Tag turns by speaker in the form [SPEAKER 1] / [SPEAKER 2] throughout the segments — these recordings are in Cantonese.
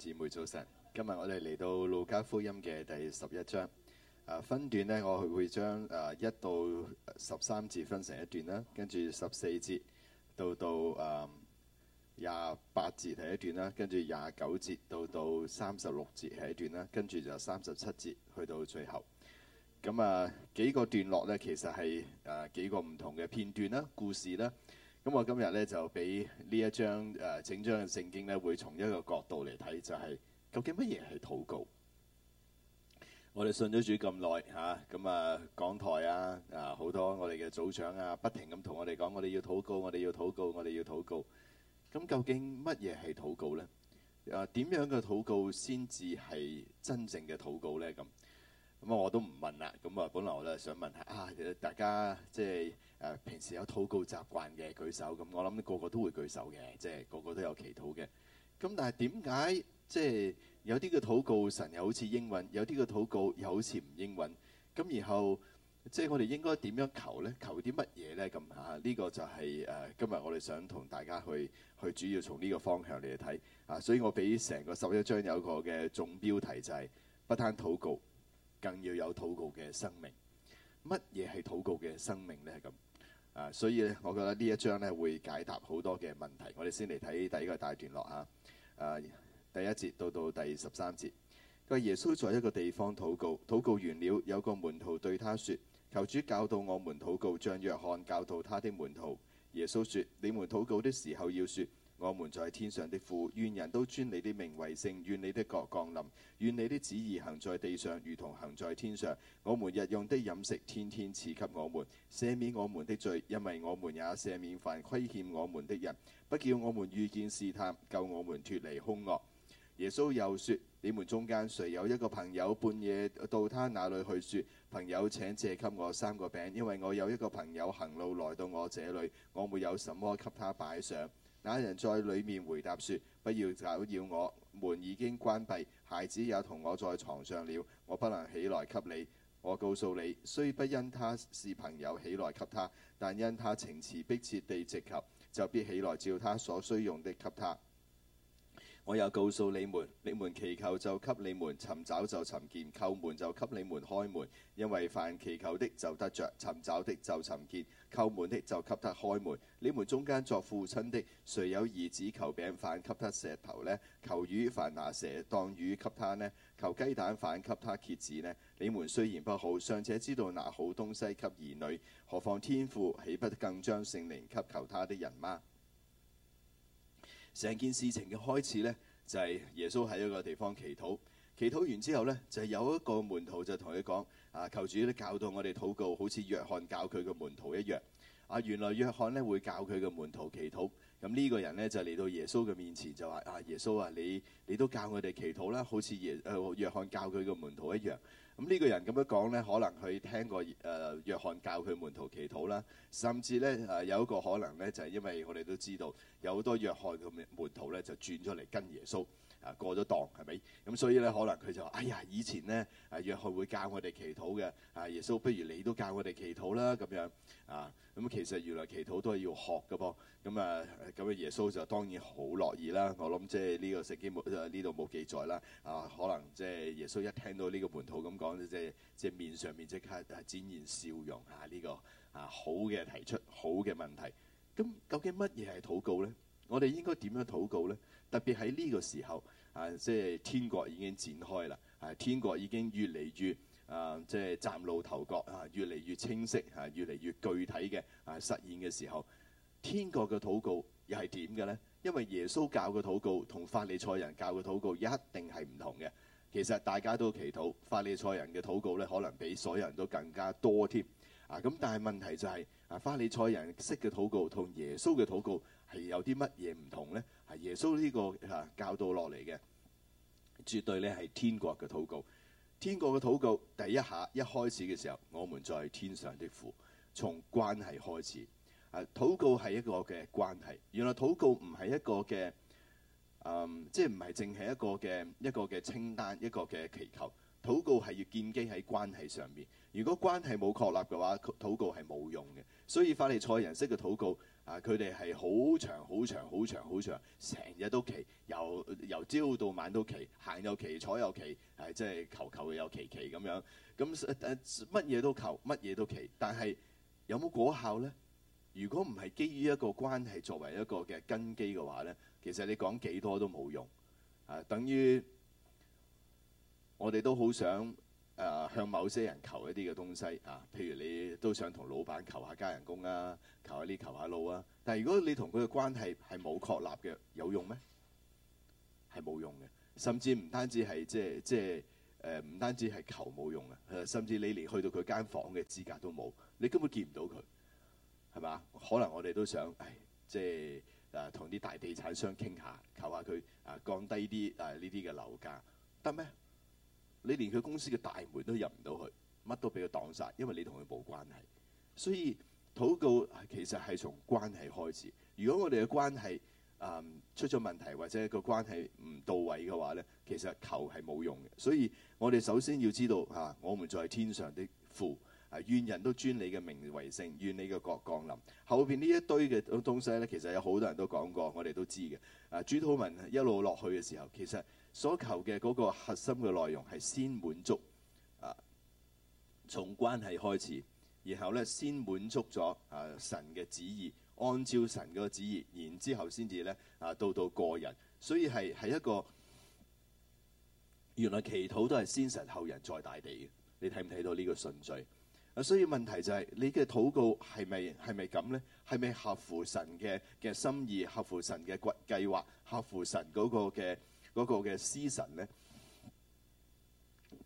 [SPEAKER 1] 姊妹早晨，今日我哋嚟到路加福音嘅第十一章、啊。分段呢，我會將啊一到十三節分成一段啦，跟住十四節到到啊廿八節係一段啦，跟住廿九節到到三十六節係一段啦，跟住就三十七節去到最後。咁、嗯、啊，幾個段落呢，其實係啊幾個唔同嘅片段啦，故事啦。咁我今日咧就俾呢一張誒整張嘅聖經咧，會從一個角度嚟睇，就係究竟乜嘢係禱告？我哋信咗主咁耐嚇，咁啊，啊港台啊啊好多我哋嘅組長啊，不停咁同我哋講，我哋要禱告，我哋要禱告，我哋要禱告。咁究竟乜嘢係禱告呢？啊，點樣嘅禱告先至係真正嘅禱告呢？咁。咁啊，我都唔問啦。咁啊，本來我都係想問下啊，大家即係誒平時有禱告習慣嘅舉手。咁我諗個個都會舉手嘅，即係個個都有祈禱嘅。咁但係點解即係有啲嘅禱告神又好似應允，有啲嘅禱告又好似唔應允？咁然後即係我哋應該點樣求呢？求啲乜嘢呢？咁下，呢個就係誒今日我哋想同大家去去主要從呢個方向嚟睇啊。所以我俾成個十一章有個嘅總標題就係不攤禱告。更要有禱告嘅生命，乜嘢係禱告嘅生命咧？咁啊，所以咧，我覺得呢一章咧會解答好多嘅問題。我哋先嚟睇第一個大段落吓。啊，第一節到到第十三節，佢話：耶穌在一個地方禱告，禱告完了，有個門徒對他說，求主教導我們禱告，將約翰教導他的門徒。耶穌說，你們禱告的時候要說。我們在天上的父，願人都尊你的名為聖。願你的國降臨。願你的旨意行在地上，如同行在天上。我們日用的飲食，天天賜給我們。赦免我們的罪，因為我們也赦免凡虧欠我們的人。不叫我們遇見試探。救我們脫離兇惡。耶穌又說：你們中間誰有一個朋友，半夜到他那裏去說：朋友，請借給我三個餅，因為我有一個朋友行路來到我這裏，我沒有什麼給他擺上。那人在裏面回答說：不要攪擾我，門已經關閉。孩子也同我在床上了，我不能起來給你。我告訴你，雖不因他是朋友起來給他，但因他情詞迫切地直求，就必起來照他所需用的給他。我又告訴你們：你們祈求就給你們，尋找就尋見，叩門就給你們開門。因為凡祈求的就得着，尋找的就尋見。叩門的就給他開門，你們中間作父親的，誰有兒子求餅，反給他石頭呢？求魚，反拿蛇當魚給他呢？求雞蛋，反給他蠍子呢？你們雖然不好，尚且知道拿好東西給兒女，何況天父豈不更將聖靈給求他的人嗎？成件事情嘅開始呢，就係、是、耶穌喺一個地方祈禱，祈禱完之後呢，就有一個門徒就同佢講。啊！求主教導我哋禱告，好似約翰教佢嘅門徒一樣。啊！原來約翰呢會教佢嘅門徒祈禱。咁呢個人呢，就嚟到耶穌嘅面前，就話：啊，耶穌啊，你你都教我哋祈禱啦，好似耶誒、呃、約翰教佢嘅門徒一樣。咁呢個人咁樣講呢，可能佢聽過誒、呃、約翰教佢門徒祈禱啦。甚至呢，誒、呃、有一個可能呢，就係、是、因為我哋都知道有好多約翰嘅門徒呢，就轉咗嚟跟耶穌。啊，過咗檔係咪？咁所以咧，可能佢就話：哎呀，以前咧，約翰會，會教我哋祈禱嘅。啊，耶穌，不如你都教我哋祈禱啦咁樣。啊，咁、啊、其實原來祈禱都係要學嘅噃。咁啊，咁啊，啊，耶穌就當然好樂意啦。我諗即係呢個聖經冇，呢度冇記載啦。啊，可能即係耶穌一聽到呢個門徒咁講，即係即係面上面即刻係展現笑容嚇呢、呢個啊，好嘅提出好嘅問題。咁究竟乜嘢係禱告咧？我哋應該點樣禱告呢？特別喺呢個時候啊，即係天國已經展開啦，啊，天國已經越嚟越啊，即係嶄露頭角啊，越嚟越清晰啊，越嚟越具體嘅啊，實現嘅時候，天國嘅禱告又係點嘅呢？因為耶穌教嘅禱告同法利賽人教嘅禱告一定係唔同嘅。其實大家都祈禱，法利賽人嘅禱告咧，可能比所有人都更加多添啊。咁但係問題就係啊，法利賽人識嘅禱告同耶穌嘅禱告。係有啲乜嘢唔同呢？係耶穌呢個啊教導落嚟嘅，絕對呢係天國嘅禱告。天國嘅禱告，第一下一開始嘅時候，我們在天上的父，從關係開始啊。禱告係一個嘅關係，原來禱告唔係一個嘅、嗯，即係唔係淨係一個嘅一個嘅清單，一個嘅祈求。禱告係要建基喺關係上面。如果關係冇確立嘅話，禱告係冇用嘅。所以法利賽人式嘅禱告。啊！佢哋係好長、好長、好長、好長，成日都祈，由由朝到晚都祈，行又祈，坐又祈，係即係求求又有祈祈咁樣。咁乜嘢都求，乜嘢都祈，但係有冇果效咧？如果唔係基於一個關係作為一個嘅根基嘅話咧，其實你講幾多都冇用。啊，等於我哋都好想。誒向某些人求一啲嘅東西啊，譬如你都想同老闆求下加人工啊，求下呢，求下路啊。但係如果你同佢嘅關係係冇確立嘅，有用咩？係冇用嘅。甚至唔單止係即係即係誒，唔單止係求冇用啊，甚至你連去到佢間房嘅資格都冇，你根本見唔到佢，係嘛？可能我哋都想，誒即係啊，同啲大地產商傾下，求下佢啊，降低啲啊呢啲嘅樓價，得咩？你連佢公司嘅大門都入唔到去，乜都俾佢擋晒，因為你同佢冇關係。所以禱告其實係從關係開始。如果我哋嘅關係啊、嗯、出咗問題，或者個關係唔到位嘅話呢，其實求係冇用嘅。所以我哋首先要知道嚇、啊，我們在天上的父啊，願人都尊你嘅名為聖，願你嘅國降臨。後邊呢一堆嘅東西呢，其實有好多人都講過，我哋都知嘅。啊，主禱文一路落去嘅時候，其實。所求嘅嗰個核心嘅內容係先滿足啊，從關係開始，然後咧先滿足咗啊神嘅旨意，按照神嘅旨意，然之後先至咧啊到到個人，所以係係一個原來祈禱都係先神後人再大地嘅，你睇唔睇到呢個順序啊？所以問題就係、是、你嘅禱告係咪係咪咁咧？係咪合乎神嘅嘅心意，合乎神嘅計計劃，合乎神嗰個嘅？個嘅思神咧，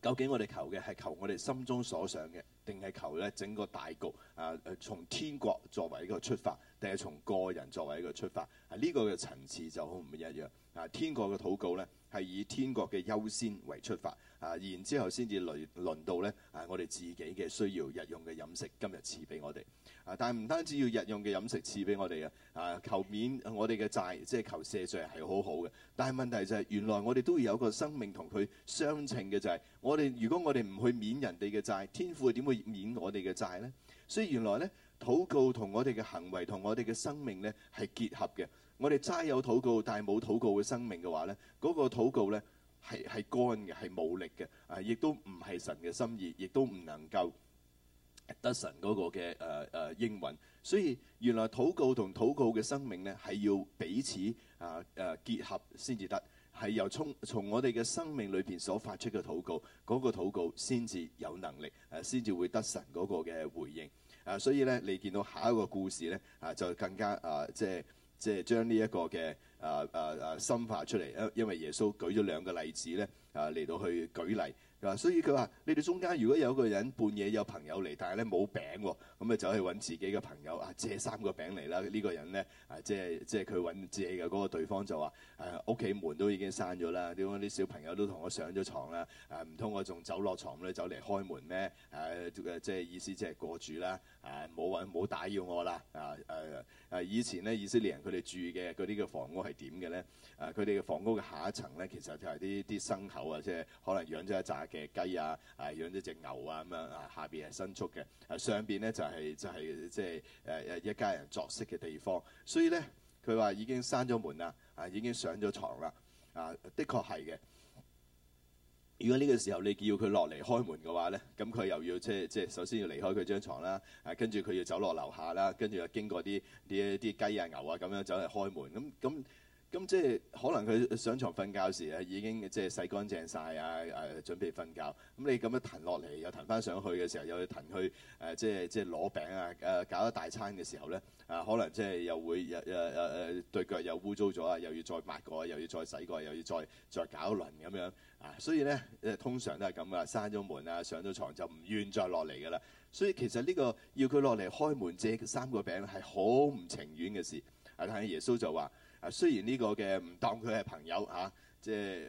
[SPEAKER 1] 究竟我哋求嘅係求我哋心中所想嘅，定係求咧整個大局啊？從天國作為一個出發，定係從個人作為一個出發啊，呢個嘅層次就好唔一樣。啊，天國嘅禱告咧，係以天國嘅優先為出發，啊，然之後先至輪輪到咧，啊，我哋自己嘅需要日用嘅飲食，今日賜俾我哋。啊，但係唔單止要日用嘅飲食賜俾我哋啊，啊，求免我哋嘅債，即係求赦罪係好好嘅。但係問題就係，原來我哋都要有個生命同佢相稱嘅，就係我哋如果我哋唔去免人哋嘅債，天父點會免我哋嘅債呢？所以原來咧，禱告同我哋嘅行為同我哋嘅生命咧係結合嘅。我哋齋有禱告，但係冇禱告嘅生命嘅話咧，嗰個禱告咧係係乾嘅，係冇力嘅啊，亦都唔係神嘅心意，亦都唔能夠得神嗰個嘅誒誒應允。所以原來禱告同禱告嘅生命咧係要彼此啊誒、啊、結合先至得，係由從，從我哋嘅生命裏邊所發出嘅禱告嗰個禱告先至有能力誒，啊先至會得神嗰個嘅回應啊。所以咧，你見到下一個故事咧啊，就更加啊即係。即係將呢一個嘅啊啊啊深化出嚟，因因為耶穌舉咗兩個例子咧，啊嚟到去舉例，啊所以佢話：你哋中間如果有個人半夜有朋友嚟，但係咧冇餅喎、哦，咁咪走去揾自己嘅朋友啊借三個餅嚟啦。呢、這個人咧啊即係即係佢揾借嘅嗰、那個對方就話：誒屋企門都已經閂咗啦，點解啲小朋友都同我上咗床啦？誒唔通我仲走落床咁咧走嚟開門咩？誒即係意思即係過住啦。啊！唔好話唔好打擾我啦！啊誒誒、啊，以前咧以色列人佢哋住嘅嗰啲嘅房屋係點嘅咧？啊，佢哋嘅房屋嘅下一層咧，其實就係啲啲牲口啊，即係可能養咗一紮嘅雞啊，啊養咗隻牛啊咁樣啊，下邊係牲畜嘅，啊上邊咧就係就係即係誒誒一家人作息嘅地方。所以咧，佢話已經閂咗門啦，啊已經上咗床啦，啊的確係嘅。如果呢個時候你叫佢落嚟開門嘅話咧，咁佢又要即係即係，首先要離開佢張床啦，誒、啊，跟住佢要走落樓下啦，跟住又經過啲啲啲雞啊牛啊咁樣走嚟開門，咁咁咁即係可能佢上床瞓覺時係已經即係洗乾淨晒啊誒，準備瞓覺。咁你咁樣騰落嚟又騰翻上去嘅時候，又要騰去誒、啊，即係即係攞餅啊誒、啊，搞一大餐嘅時候咧，啊，可能即係又會誒誒誒對腳又污糟咗啊，又要再抹過，又要再洗過，又要再再搞一輪咁樣。所以咧，誒通常都係咁噶，閂咗門啊，上咗床就唔願再落嚟噶啦。所以其實呢個要佢落嚟開門借三個餅係好唔情願嘅事。但係耶穌就話：雖然呢個嘅唔當佢係朋友嚇，即係誒誒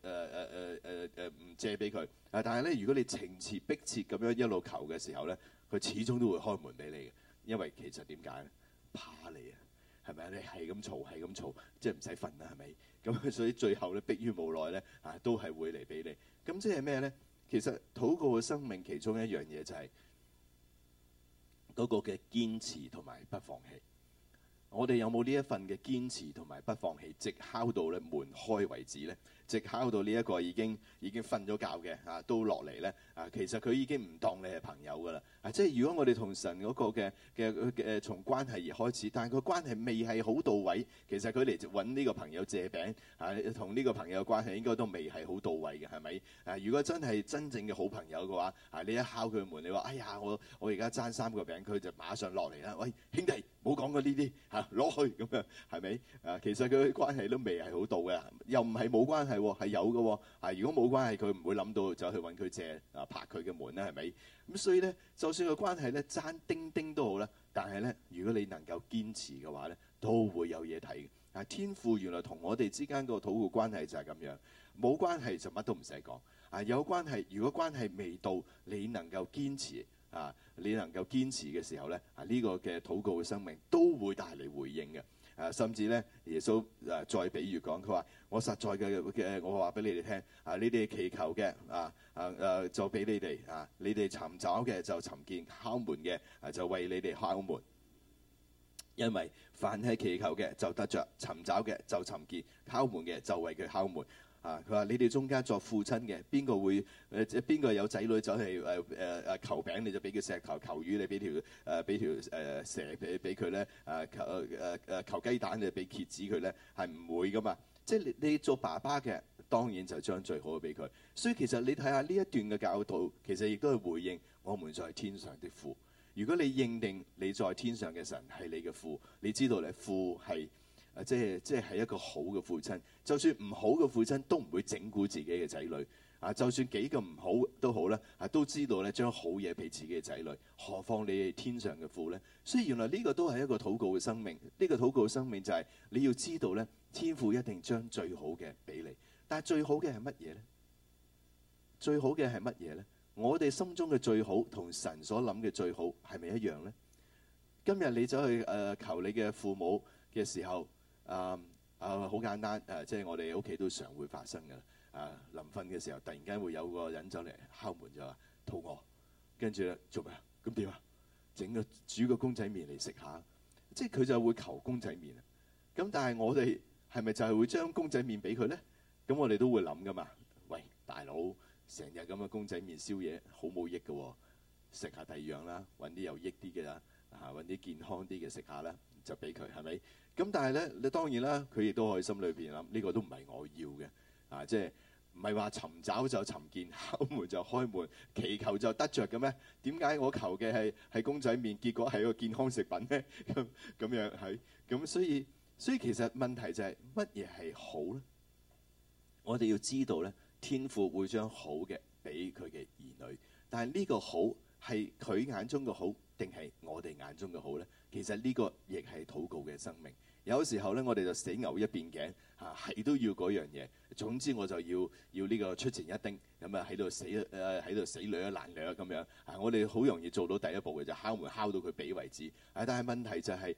[SPEAKER 1] 誒誒誒誒唔借俾佢、啊。但係咧，如果你情詞逼切咁樣一路求嘅時候咧，佢始終都會開門俾你嘅。因為其實點解咧？怕你啊，係咪啊？你係咁嘈，係咁嘈，即係唔使瞓啦，係咪？咁所以最後咧，迫於無奈咧，啊，都係會嚟俾你。咁即係咩咧？其實禱告嘅生命其中一樣嘢就係嗰個嘅堅持同埋不放棄。我哋有冇呢一份嘅堅持同埋不放棄，直敲到咧門開為止咧？直敲到呢一個已經已經瞓咗覺嘅，嚇、啊，都落嚟咧啊！其實佢已經唔當你係朋友噶啦啊！即係如果我哋同神嗰個嘅嘅誒從關係而開始，但係個關係未係好到位，其實佢嚟揾呢個朋友借餅啊同呢個朋友關係應該都未係好到位嘅，係咪？啊！如果真係真正嘅好朋友嘅話啊，你一敲佢門，你話哎呀我我而家爭三個餅，佢就馬上落嚟啦！喂，兄弟冇講過呢啲吓落去咁樣係咪？啊，其實佢關係都未係好到嘅、啊，又唔係冇關係。係、嗯、有嘅喎、哦。啊，如果冇關係，佢唔會諗到就去揾佢借啊，拍佢嘅門咧，係咪？咁、啊、所以呢，就算個關係呢爭丁丁都好咧，但係呢，如果你能夠堅持嘅話呢，都會有嘢睇嘅。啊，天父原來同我哋之間個禱告關係就係咁樣，冇關係就乜都唔使講。啊，有關係，如果關係未到，你能夠堅持啊，你能夠堅持嘅時候呢，啊呢、呢個嘅禱告嘅生命都會帶嚟回應嘅。啊，甚至咧，耶穌啊，再比喻講，佢話：我實在嘅嘅，我話俾你哋聽，啊呢啲係祈求嘅，啊啊誒，就俾你哋啊，你哋尋找嘅就尋見，敲門嘅啊就為你哋敲門，因為凡係祈求嘅就得着，尋找嘅就尋見，敲門嘅就為佢敲門。啊！佢話：你哋中間作父親嘅，邊個會誒？即係邊個有仔女走去誒誒誒求餅，你就俾佢石頭；求魚你，你、呃、俾條誒俾條誒蛇俾俾佢咧。誒、啊、求誒、呃、求雞蛋，你就俾蠍子佢咧。係唔會噶嘛？即、就、係、是、你你做爸爸嘅，當然就將最好嘅俾佢。所以其實你睇下呢一段嘅教導，其實亦都係回應我們在天上的父。如果你認定你在天上嘅神係你嘅父，你知道你父係。啊！即係即係，一個好嘅父親。就算唔好嘅父親，都唔會整蠱自己嘅仔女。啊，就算幾個唔好都好咧，啊，都知道咧，將好嘢俾自己嘅仔女。何況你係天上嘅父呢？所以原來呢個都係一個禱告嘅生命。呢個禱告嘅生命就係你要知道咧，天父一定將最好嘅俾你。但係最好嘅係乜嘢呢？最好嘅係乜嘢呢？我哋心中嘅最好同神所諗嘅最好係咪一樣呢？今日你走去誒求你嘅父母嘅時候。啊啊好簡單誒，uh, 即係我哋屋企都常會發生嘅。啊、uh, 臨瞓嘅時候，突然間會有個人走嚟敲門就話肚餓，跟住咧做咩啊？咁點啊？整個煮個公仔麵嚟食下，即係佢就會求公仔麵啊。咁但係我哋係咪就係會將公仔麵俾佢咧？咁我哋都會諗噶嘛。喂，大佬，成日咁嘅公仔麵宵夜好冇益嘅喎、哦，食下第二樣啦，揾啲有益啲嘅啦，嚇、啊、揾啲健康啲嘅食下啦。就俾佢，係咪？咁但係咧，你當然啦，佢亦都可以心裏邊諗，呢個都唔係我要嘅。啊，即係唔係話尋找就尋見，敲門就開門，祈求就得着嘅咩？點解我求嘅係係公仔麵，結果係一個健康食品咧？咁咁樣係，咁所以所以其實問題就係乜嘢係好咧？我哋要知道咧，天父會將好嘅俾佢嘅兒女，但係呢個好係佢眼中嘅好，定係我哋眼中嘅好咧？其實呢個亦係禱告嘅生命。有時候咧，我哋就死牛一邊頸嚇，係、啊、都要嗰樣嘢。總之我就要要呢個出前一丁，咁啊喺度死誒喺度死掠啊爛掠咁樣。啊，我哋好容易做到第一步嘅就敲門敲到佢俾為止。啊，但係問題就係、是、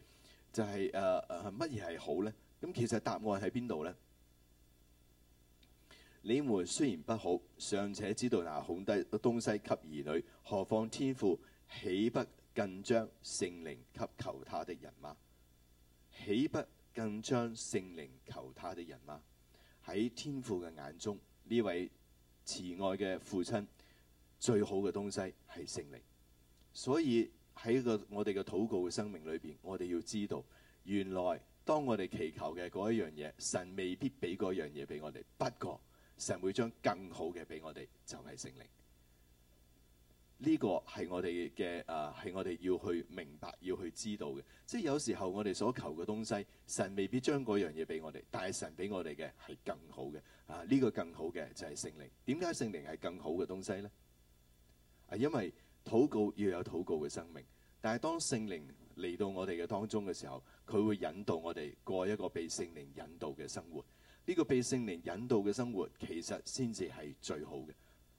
[SPEAKER 1] 就係誒誒乜嘢係好咧？咁、啊、其實答案喺邊度咧？你們雖然不好，尚且知道嗱，好啲東西給兒女，何況天父，豈不？更將聖靈給求他的人嗎？豈不更將聖靈求他的人嗎？喺天父嘅眼中，呢位慈愛嘅父親最好嘅東西係聖靈。所以喺個我哋嘅禱告嘅生命裏邊，我哋要知道，原來當我哋祈求嘅嗰一樣嘢，神未必俾嗰樣嘢俾我哋，不過神會將更好嘅俾我哋，就係、是、聖靈。呢個係我哋嘅啊，係我哋要去明白、要去知道嘅。即係有時候我哋所求嘅東西，神未必將嗰樣嘢俾我哋，但係神俾我哋嘅係更好嘅。啊，呢個更好嘅就係聖靈。點解聖靈係更好嘅東西呢？啊，因為禱告要有禱告嘅生命，但係當聖靈嚟到我哋嘅當中嘅時候，佢會引導我哋過一個被聖靈引導嘅生活。呢個被聖靈引導嘅生活，其實先至係最好嘅。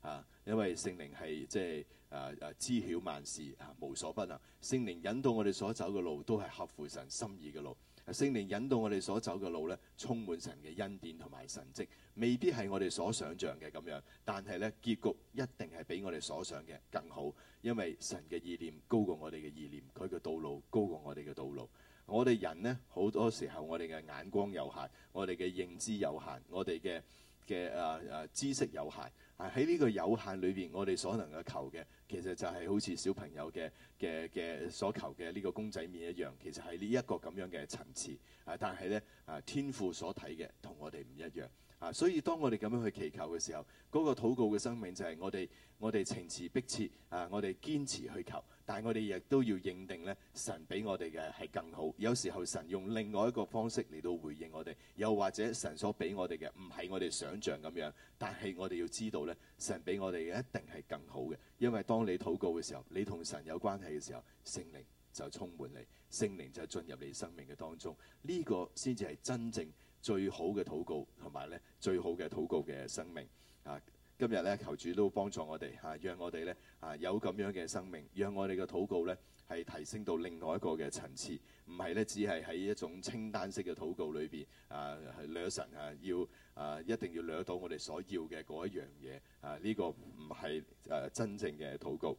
[SPEAKER 1] 啊。因為聖靈係即係誒誒知曉萬事啊，無所不能。聖靈引導我哋所走嘅路都係合乎神心意嘅路。聖靈引導我哋所走嘅路咧，充滿神嘅恩典同埋神蹟，未必係我哋所想像嘅咁樣。但係咧，結局一定係比我哋所想嘅更好，因為神嘅意念高過我哋嘅意念，佢嘅道路高過我哋嘅道路。我哋人呢，好多時候，我哋嘅眼光有限，我哋嘅認知有限，我哋嘅。嘅誒誒，知識有限，喺、啊、呢個有限裏邊，我哋所能夠求嘅，其實就係好似小朋友嘅嘅嘅所求嘅呢個公仔麵一樣，其實係呢一個咁樣嘅層次。啊，但係咧，啊，天父所睇嘅同我哋唔一樣。啊！所以當我哋咁樣去祈求嘅時候，嗰個禱告嘅生命就係我哋我哋情詞迫切啊！我哋堅持去求，但係我哋亦都要認定咧，神俾我哋嘅係更好。有時候神用另外一個方式嚟到回應我哋，又或者神所俾我哋嘅唔係我哋想象咁樣，但係我哋要知道咧，神俾我哋嘅一定係更好嘅，因為當你禱告嘅時候，你同神有關係嘅時候，聖靈就充滿你，聖靈就進入你生命嘅當中，呢個先至係真正最好嘅禱告，同埋咧最好嘅禱告嘅生命啊！今日咧，求主都幫助我哋啊，讓我哋咧啊有咁樣嘅生命，讓我哋嘅禱告咧係提升到另外一個嘅層次，唔係咧只係喺一種清單式嘅禱告裏邊。啊，掠神啊，要啊一定要掠到我哋所要嘅嗰一樣嘢啊！呢、這個唔係誒真正嘅禱告。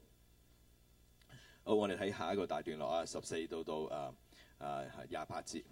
[SPEAKER 1] 好，我哋睇下一個大段落啊，十四到到誒誒廿八節。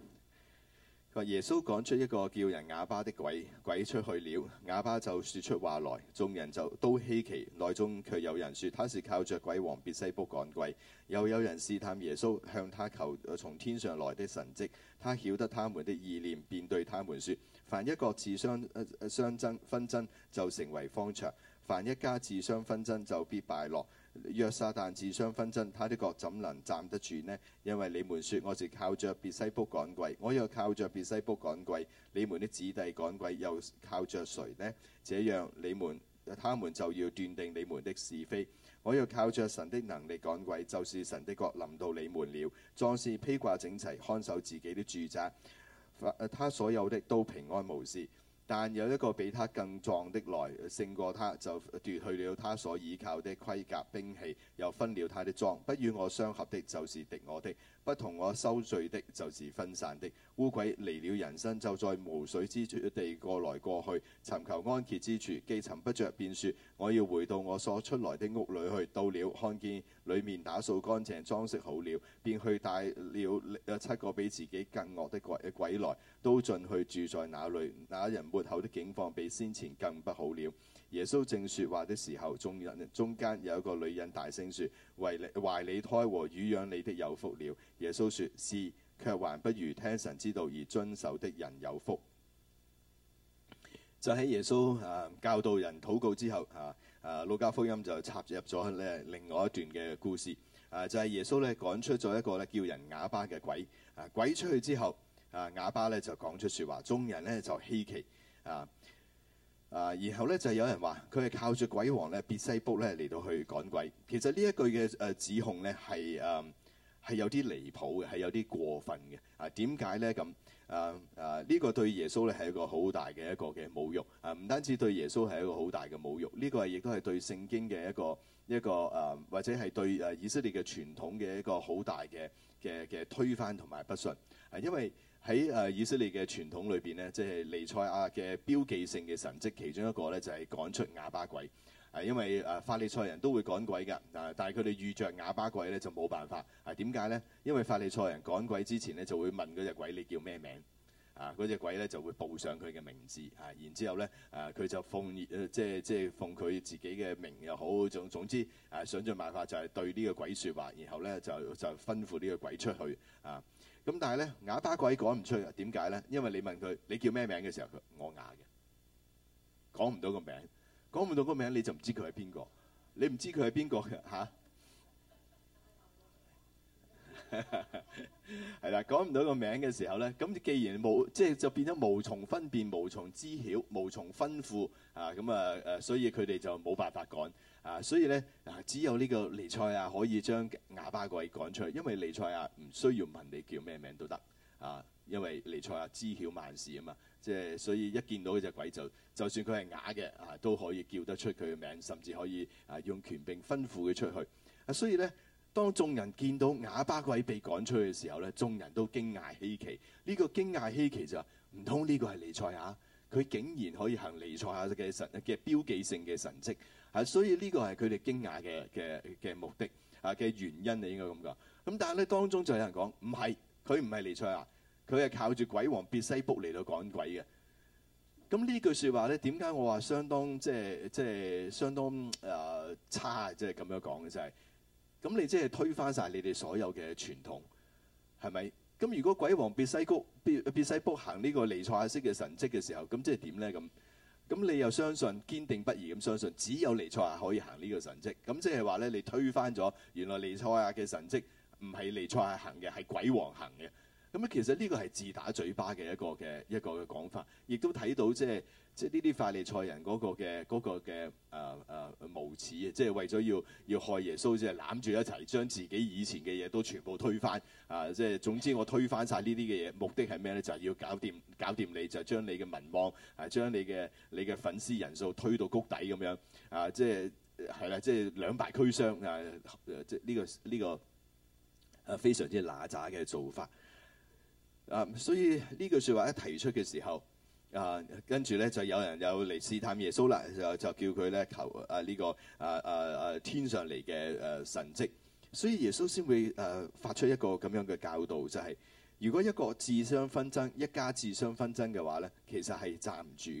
[SPEAKER 1] 耶穌趕出一個叫人啞巴的鬼，鬼出去了，啞巴就説出話來，眾人就都稀奇，內中卻有人說他是靠著鬼王別西卜趕鬼，又有人試探耶穌，向他求從天上來的神蹟，他曉得他們的意念，便對他們説：凡一個自相相，相爭紛爭就成為方場，凡一家自相紛爭就必敗落。若撒旦自相紛爭，他的國怎能站得住呢？因為你們說我是靠着別西卜趕鬼，我又靠着別西卜趕鬼。你們的子弟趕鬼又靠着誰呢？這樣，你們、他們就要斷定你們的是非。我要靠着神的能力趕鬼，就是神的國臨到你們了。壯士披掛整齊，看守自己的住宅，他所有的都平安無事。但有一個比他更壯的來勝過他，就奪去了他所倚靠的盔甲兵器，又分了他的贓。不與我相合的，就是敵我的。不同我收聚的，就是分散的。污鬼離了人身，就在無水之處地過來過去，尋求安歇之處，既尋不着，便說：我要回到我所出來的屋裏去。到了，看見裡面打掃乾淨，裝飾好了，便去帶了七個比自己更惡的鬼來，都進去住在那裏。那人末後的景況比先前更不好了。耶穌正説話的時候，眾人中間有一個女人大說，大聲説：懷你、懷你胎和乳養，養你的有福了。耶穌説：是，卻還不如聽神之道而遵守的人有福。就喺耶穌誒、啊、教導人禱告之後，啊誒路加福音就插入咗咧另外一段嘅故事，啊就係、是、耶穌咧趕出咗一個咧叫人啞巴嘅鬼，啊鬼出去之後，啊啞巴咧就講出説話，眾人咧就稀奇啊。啊，然後咧就有人話佢係靠住鬼王咧，別西卜咧嚟到去趕鬼。其實呢一句嘅誒指控咧係誒係有啲離譜嘅，係有啲過分嘅。啊，點解咧咁？誒誒，啊、呢、啊啊這個對耶穌咧係一個好大嘅一個嘅侮辱。啊，唔單止對耶穌係一個好大嘅侮辱，呢、這個係亦都係對聖經嘅一個一個誒、啊，或者係對誒以色列嘅傳統嘅一個好大嘅嘅嘅推翻同埋不信。啊，因為。喺誒以色列嘅傳統裏邊呢，即係彌賽亞嘅標記性嘅神蹟，其中一個呢就係趕出啞巴鬼。啊，因為誒法利賽人都會趕鬼㗎，啊，但係佢哋遇着啞巴鬼呢就冇辦法。啊，點解呢？因為法利賽人趕鬼之前呢就會問嗰隻鬼你叫咩名？啊，嗰隻鬼呢就會報上佢嘅名字，啊，然之後呢，誒佢就奉即係即係奉佢自己嘅名又好，總總之誒想盡辦法就係對呢個鬼説話，然後呢就就吩咐呢個鬼出去，啊。咁但係咧，啞巴鬼講唔出㗎，點解咧？因為你問佢你叫咩名嘅時候，佢，我啞嘅，講唔到個名，講唔到個名你就唔知佢係邊個，你唔知佢係邊個㗎，吓？係啦。講唔到個名嘅時候咧，咁既然冇，即係就變咗無從分辨、無從知曉、無從吩咐啊咁啊誒，所以佢哋就冇辦法講。啊，所以咧啊，只有呢個尼賽亞，可以將啞巴鬼趕出去，因為尼賽亞唔需要問你叫咩名都得啊，因為尼賽亞知曉萬事啊嘛，即係所以一見到呢隻鬼就，就算佢係啞嘅啊，都可以叫得出佢嘅名，甚至可以啊用權柄吩咐佢出去啊。所以咧，當眾人見到啞巴鬼被趕出去嘅時候咧，眾人都驚訝稀奇。呢、這個驚訝稀奇就話唔通呢個係尼賽亞？佢竟然可以行尼賽亞嘅神嘅標記性嘅神跡。啊、所以呢個係佢哋驚訝嘅嘅嘅目的，啊嘅原因你應該咁講。咁但係咧，當中就有人講唔係，佢唔係彌賽亞，佢係靠住鬼王別西卜嚟到趕鬼嘅。咁呢句説話咧，點解我話相當即係即係相當誒、呃、差？即係咁樣講嘅就係、是，咁你即係推翻晒你哋所有嘅傳統，係咪？咁如果鬼王別西谷別西卜行呢個彌賽式嘅神跡嘅時候，咁即係點咧咁？咁你又相信堅定不移咁相信只有尼賽亞可以行呢個神蹟，咁即係話呢，你推翻咗原來尼賽亞嘅神蹟唔係尼賽亞行嘅，係鬼王行嘅。咁其實呢個係自打嘴巴嘅一個嘅一個嘅講法，亦都睇到即係即係呢啲法利賽人嗰個嘅嗰個嘅誒誒無恥嘅，即係為咗要要害耶穌，即係攬住一齊將自己以前嘅嘢都全部推翻啊！即係總之我推翻晒呢啲嘅嘢，目的係咩咧？就係、是、要搞掂搞掂你，就將、是、你嘅民望啊，將你嘅你嘅粉絲人數推到谷底咁樣啊！即係係啦，即係兩敗俱傷啊！即係呢、這個呢、這個啊、這個、非常之嗱喳嘅做法。啊，uh, 所以呢句說話一提出嘅時候，啊、uh，跟住咧就有人有嚟試探耶穌啦，就就叫佢咧求啊呢、這個啊啊啊天上嚟嘅誒神跡。所以耶穌先會誒、啊、發出一個咁樣嘅教導，就係、是、如果一個自相紛爭一家自相紛爭嘅話咧，其實係站唔住。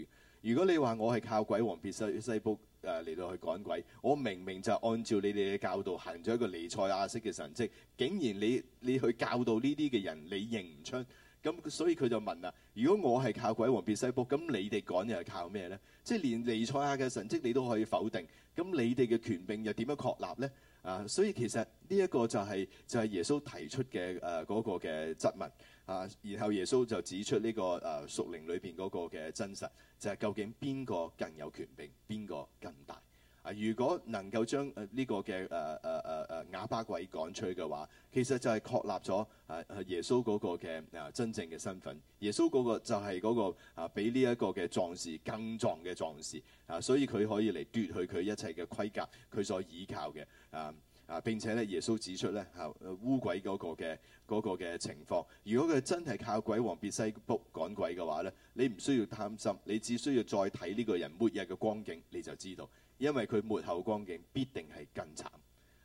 [SPEAKER 1] 如果你話我係靠鬼王別西卜。誒嚟到去趕鬼，我明明就按照你哋嘅教導行咗一個尼塞亞式嘅神跡，竟然你你去教導呢啲嘅人，你認唔出？咁所以佢就問啦：「如果我係靠鬼王別西卜，咁你哋趕又係靠咩呢？即係連尼塞亞嘅神跡你都可以否定，咁你哋嘅權柄又點樣確立呢？」啊，所以其實呢一個就係、是、就係、是、耶穌提出嘅誒嗰個嘅質問啊，然後耶穌就指出呢、這個誒屬靈裏邊嗰個嘅真實，就係、是、究竟邊個更有權柄，邊個更大啊？如果能夠將誒呢個嘅誒誒誒誒啞巴鬼趕出去嘅話，其實就係確立咗誒、啊、耶穌嗰個嘅啊真正嘅身份。耶穌嗰個就係嗰、那個啊，比呢一個嘅壯士更壯嘅壯士啊，所以佢可以嚟奪去佢一切嘅規格，佢所倚靠嘅。啊啊！並且咧，耶穌指出咧嚇，啊、污鬼個嘅、那個嘅情況，如果佢真係靠鬼王別西卜趕鬼嘅話咧，你唔需要擔心，你只需要再睇呢個人末日嘅光景，你就知道，因為佢末後光景必定係更慘。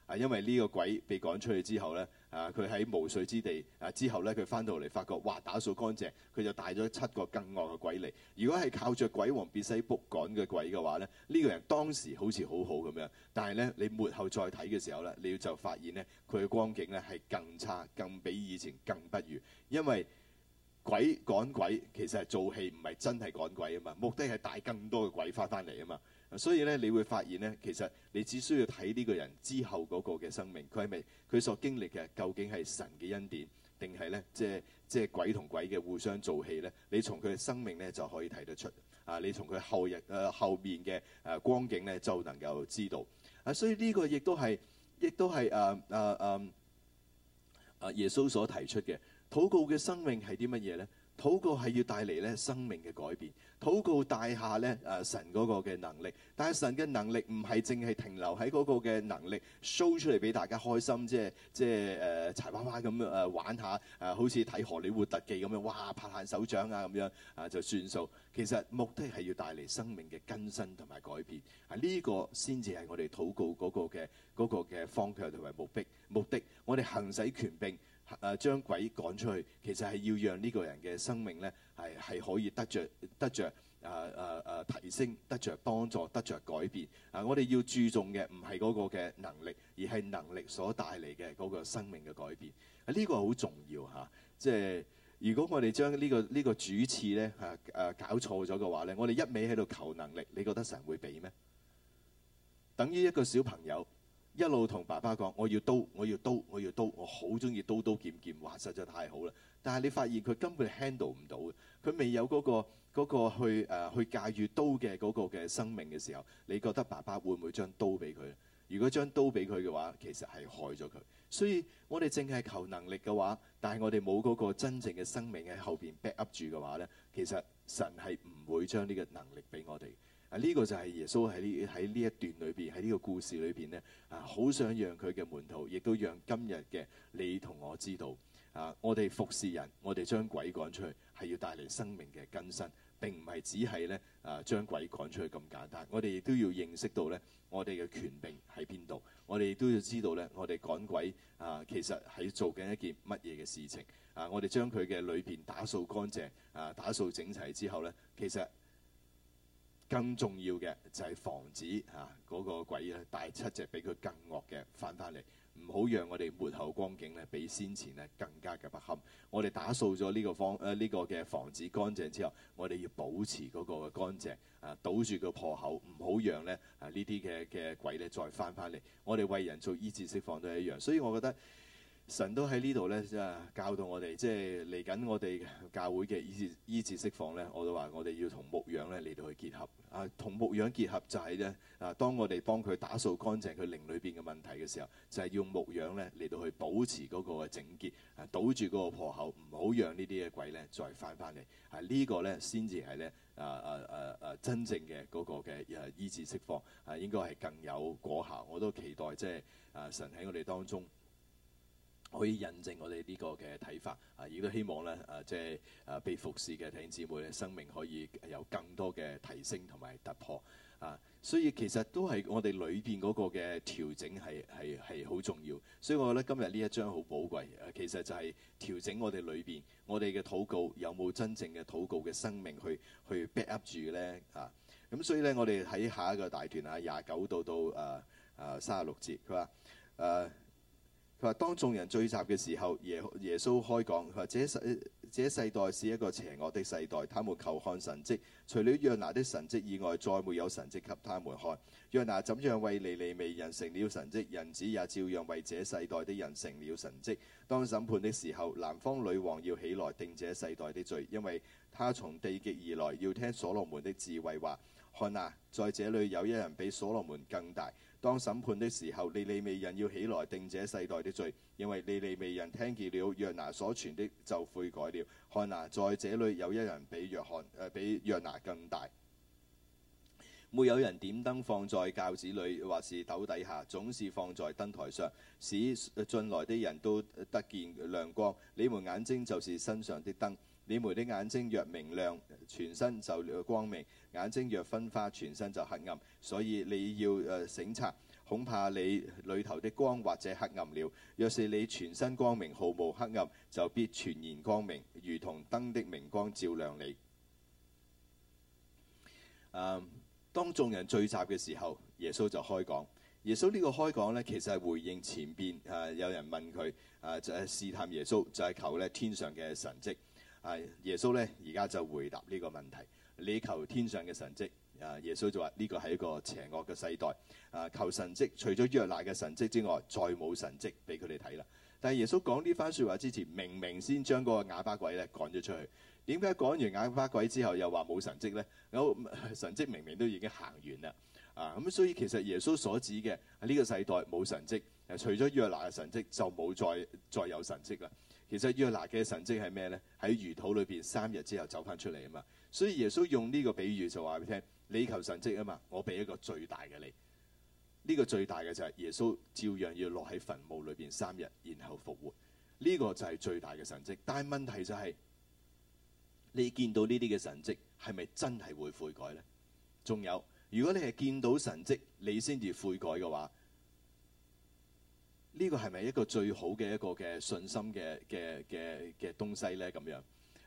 [SPEAKER 1] 啊，因為呢個鬼被趕出去之後呢啊，佢喺無水之地啊，之後呢佢翻到嚟，發覺哇，打掃乾淨，佢就帶咗七個更惡嘅鬼嚟。如果係靠著鬼王別西卜趕嘅鬼嘅話咧，呢個人當時好似好好咁樣，但係呢，你末後再睇嘅時候呢，你就發現呢，佢嘅光景咧係更差，更比以前更不如，因為鬼趕鬼其實係做戲，唔係真係趕鬼啊嘛，目的係帶更多嘅鬼翻翻嚟啊嘛。所以咧，你會發現咧，其實你只需要睇呢個人之後嗰個嘅生命佢係咪？佢所經歷嘅究竟係神嘅恩典，定係咧即係即係鬼同鬼嘅互相做戲咧？你從佢嘅生命咧就可以睇得出，啊，你從佢後日誒、呃、後面嘅誒光景咧就能夠知道。啊，所以呢個亦都係亦都係誒誒誒誒耶穌所提出嘅，禱告嘅生命係啲乜嘢咧？禱告係要帶嚟咧生命嘅改變。禱告大廈咧，誒、啊、神嗰個嘅能力，但係神嘅能力唔係淨係停留喺嗰個嘅能力 show 出嚟俾大家開心，即係即係誒、呃、柴娃娃咁誒玩下，誒、啊、好似睇荷里活特技咁樣，哇拍下手掌啊咁樣啊就算數。其實目的係要帶嚟生命嘅更新同埋改變，係、啊、呢、這個先至係我哋禱告嗰個嘅嗰個嘅、那個、方向同埋目的目的，我哋行使權柄，誒、啊、將鬼趕出去，其實係要讓呢個人嘅生命咧，係係可以得着得著誒誒誒提升，得着幫助，得着改變。啊！我哋要注重嘅唔係嗰個嘅能力，而係能力所帶嚟嘅嗰個生命嘅改變。啊！呢、呢個好重要嚇、啊。即係如果我哋將呢個呢、呢個主次咧嚇誒搞錯咗嘅話咧，我哋一味喺度求能力，你覺得神會俾咩？等於一個小朋友。一路同爸爸講：我要刀，我要刀，我要刀，我好中意刀刀劍劍，哇！實在太好啦！但係你發現佢根本 handle 唔到嘅，佢未有嗰、嗰個嗰個去誒、啊、去駕馭刀嘅嗰個嘅生命嘅時候，你覺得爸爸會唔會將刀俾佢？如果將刀俾佢嘅話，其實係害咗佢。所以我哋淨係求能力嘅話，但係我哋冇嗰個真正嘅生命喺後邊 back up 住嘅話呢，其實神係唔會將呢個能力俾我哋。呢、啊呢個就係耶穌喺呢喺呢一段裏邊，喺呢個故事裏邊咧，啊，好想讓佢嘅門徒，亦都讓今日嘅你同我知道，啊，我哋服侍人，我哋將鬼趕出去，係要帶嚟生命嘅更新，並唔係只係咧啊將鬼趕出去咁簡單。我哋亦都要認識到呢，我哋嘅權柄喺邊度，我哋都要知道呢，我哋趕鬼啊，其實係做緊一件乜嘢嘅事情啊？我哋將佢嘅裏邊打掃乾淨，啊，打掃整齊之後呢，其實。更重要嘅就係防止啊嗰個鬼咧，帶七隻比佢更惡嘅翻翻嚟，唔好讓我哋末後光景咧，比先前咧更加嘅不堪。我哋打掃咗呢個方誒呢個嘅房子乾淨之後，我哋要保持嗰個乾淨啊，堵住個破口，唔好讓咧啊呢啲嘅嘅鬼咧再翻翻嚟。我哋為人做醫治釋放都係一樣，所以我覺得。神都喺呢度咧，即係教導我哋，即係嚟緊我哋教會嘅醫治醫治釋放咧，我都話我哋要同牧養咧嚟到去結合。啊，同牧養結合就係咧，啊，當我哋幫佢打掃乾淨佢靈裏邊嘅問題嘅時候，就係、是、用牧養咧嚟到去保持嗰個嘅整潔，啊、堵住嗰個破口，唔好讓呢啲嘅鬼咧再翻返嚟。啊，這個、呢個咧先至係咧，啊啊啊啊，真正嘅嗰個嘅誒醫治釋放，啊，應該係更有果效。我都期待即係啊，神喺我哋當中。可以印證我哋呢個嘅睇法，啊，亦都希望咧，啊，即係啊，被服侍嘅弟兄姊妹嘅生命可以有更多嘅提升同埋突破，啊，所以其實都係我哋裏邊嗰個嘅調整係係係好重要，所以我覺得今日呢一章好寶貴，啊，其實就係調整我哋裏邊我哋嘅禱告有冇真正嘅禱告嘅生命去去 back up 住咧，啊，咁所以咧我哋喺下一個大段啊廿九度到，到啊啊三十六節，佢話誒。啊佢話：當眾人聚集嘅時候，耶耶穌開講，佢話：這世這世代是一個邪惡的世代，他們求看神跡，除了約拿的神跡以外，再沒有神跡給他們看。約拿怎樣為尼尼微人成了神跡，人子也照樣為這世代的人成了神跡。當審判的時候，南方女王要起來定這世代的罪，因為他從地極而來，要聽所羅門的智慧話。看啊，在這裡有一人比所羅門更大。當審判的時候，尼尼微人要起來定這世代的罪，因為尼尼微人聽見了約拿所傳的就悔改了。看哪，在這裏有一人比約翰、呃，比約拿更大。沒有人點燈放在教子裏或是斗底下，總是放在燈臺上，使進來的人都得見亮光。你們眼睛就是身上的燈。你們的眼睛若明亮，全身就光明；眼睛若昏花，全身就黑暗。所以你要誒省察，恐怕你裏頭的光或者黑暗了。若是你全身光明，毫無黑暗，就必全然光明，如同燈的明光照亮你。誒、啊，當眾人聚集嘅時候，耶穌就開講。耶穌呢個開講呢，其實係回應前邊誒、啊、有人問佢誒、啊，就係、是、試探耶穌，就係、是、求呢天上嘅神跡。啊！耶穌咧，而家就回答呢個問題：你求天上嘅神跡啊！耶穌就話：呢個係一個邪惡嘅世代啊！求神跡，除咗約拿嘅神跡之外，再冇神跡俾佢哋睇啦。但係耶穌講呢番説話之前，明明先將嗰個啞巴鬼咧趕咗出去。點解講完啞巴鬼之後又話冇神跡咧？有神跡明明都已經行完啦啊！咁所以其實耶穌所指嘅呢個世代冇神跡，除咗約拿嘅神跡就冇再再有神跡啦。其實約拿嘅神跡係咩呢？喺魚肚裏邊三日之後走翻出嚟啊嘛，所以耶穌用呢個比喻就話俾你聽：你求神跡啊嘛，我俾一個最大嘅你。呢、這個最大嘅就係耶穌照樣要落喺墳墓裏邊三日，然後復活。呢、這個就係最大嘅神跡。但係問題就係、是，你見到呢啲嘅神跡係咪真係會悔改呢？仲有，如果你係見到神跡你先至悔改嘅話，呢個係咪一個最好嘅一個嘅信心嘅嘅嘅嘅東西呢？咁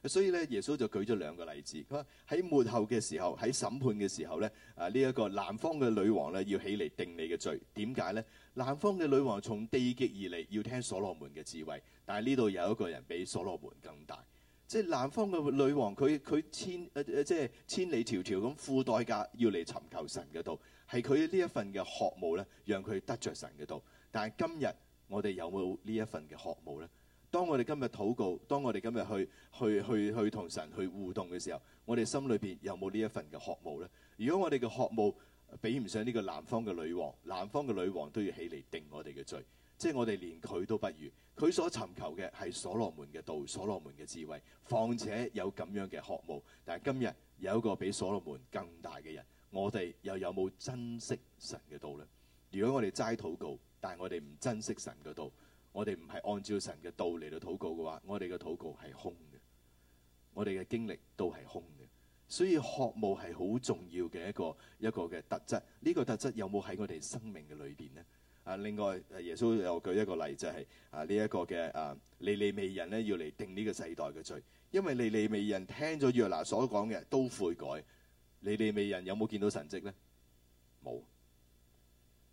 [SPEAKER 1] 樣，所以呢，耶穌就舉咗兩個例子。佢話喺末後嘅時候，喺審判嘅時候呢，啊呢一個南方嘅女王呢，要起嚟定你嘅罪。點解呢？南方嘅女王從地極而嚟，要聽所羅門嘅智慧。但係呢度有一個人比所羅門更大，即係南方嘅女王。佢佢千誒誒、呃，即係千里迢迢咁付代價要嚟尋求神嘅道，係佢呢一份嘅渴慕呢，讓佢得着神嘅道。但係今日我哋有冇呢一份嘅學務呢？當我哋今日禱告，當我哋今日去去去去同神去互動嘅時候，我哋心裏邊有冇呢一份嘅學務呢？如果我哋嘅學務比唔上呢個南方嘅女王，南方嘅女王都要起嚟定我哋嘅罪，即係我哋連佢都不如。佢所尋求嘅係所羅門嘅道，所羅門嘅智慧，況且有咁樣嘅學務。但係今日有一個比所羅門更大嘅人，我哋又有冇珍惜神嘅道呢？如果我哋齋禱告，但係我哋唔珍惜神嘅道，我哋唔係按照神嘅道嚟到禱告嘅話，我哋嘅禱告係空嘅，我哋嘅經歷都係空嘅。所以學務係好重要嘅一個一個嘅特質。呢個特質有冇喺我哋生命嘅裏邊呢？啊，另外耶穌又舉一個例，就係啊呢一個嘅啊尼尼微人咧要嚟定呢個世代嘅罪，因為尼尼微人聽咗約拿所講嘅都悔改。尼尼微人有冇見到神蹟呢？冇。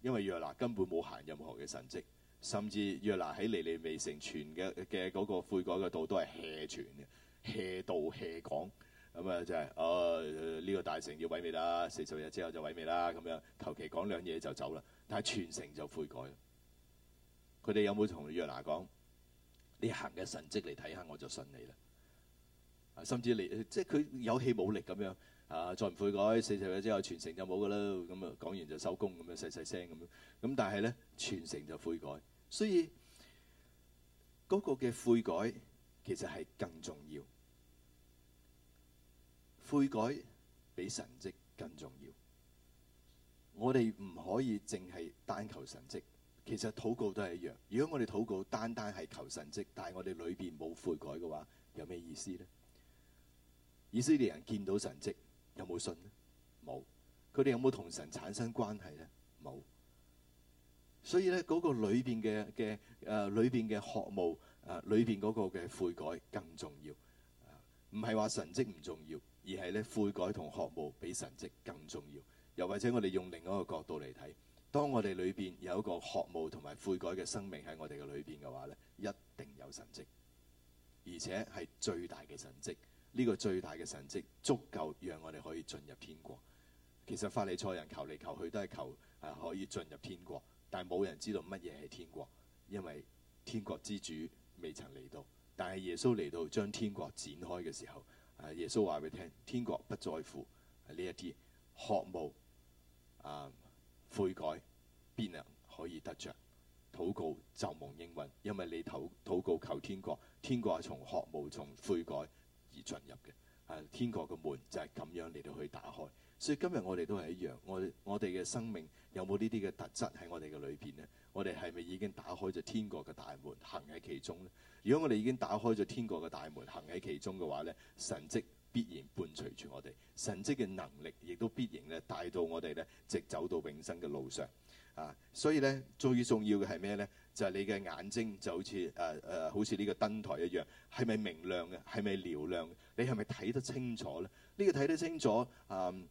[SPEAKER 1] 因為約拿根本冇行任何嘅神跡，甚至約拿喺尼尼微城傳嘅嘅嗰個悔改嘅道都係邪傳嘅，邪道邪講，咁、嗯、啊就係、是、哦呢、呃呢個大城要毀滅啦，四十日之後就毀滅啦，咁樣求其講兩嘢就走啦，但係全城就悔改。佢哋有冇同約拿講，你行嘅神跡嚟睇下我就信你啦？甚至你即係佢有氣冇力咁樣。啊！再唔悔改，四十日之後全城就冇㗎啦。咁啊，講完就收工咁樣細細聲咁樣。咁但係咧，全城就悔改，所以嗰個嘅悔改其實係更重要。悔改比神蹟更重要。我哋唔可以淨係單求神蹟，其實禱告都係一樣。如果我哋禱告單單係求神蹟，但係我哋裏邊冇悔改嘅話，有咩意思咧？以色列人見到神蹟。有冇信咧？冇。佢哋有冇同神產生關係呢？冇。所以咧，嗰個裏邊嘅嘅誒，裏邊嘅學務，誒，裏邊嗰個嘅悔改更重要。唔係話神蹟唔重要，而係咧悔改同學務比神蹟更重要。又或者我哋用另一個角度嚟睇，當我哋裏邊有一個學務同埋悔改嘅生命喺我哋嘅裏邊嘅話咧，一定有神蹟，而且係最大嘅神蹟。呢個最大嘅神跡，足夠讓我哋可以進入天國。其實法利賽人求嚟求去都係求係、啊、可以進入天國。但係冇人知道乜嘢係天國，因為天國之主未曾嚟到。但係耶穌嚟到將天國展開嘅時候，啊，耶穌話俾你聽：天國不在乎呢一啲學務啊悔改，邊人可以得着。」禱告就蒙應允，因為你禱告求天國，天國係從學務從悔改。而進入嘅，啊，天國嘅門就係咁樣嚟到去打開。所以今日我哋都係一樣，我我哋嘅生命有冇呢啲嘅特質喺我哋嘅裏邊呢？我哋係咪已經打開咗天國嘅大門，行喺其中呢？如果我哋已經打開咗天國嘅大門，行喺其中嘅話呢，神蹟必然伴隨住我哋，神蹟嘅能力亦都必然咧帶到我哋咧，直走到永生嘅路上。啊，所以呢，最重要嘅係咩呢？就係你嘅眼睛，就好似誒誒，好似呢個燈台一樣，係咪明亮嘅？係咪嘹亮嘅？你係咪睇得清楚咧？呢、這個睇得清楚，嗯、啊、誒、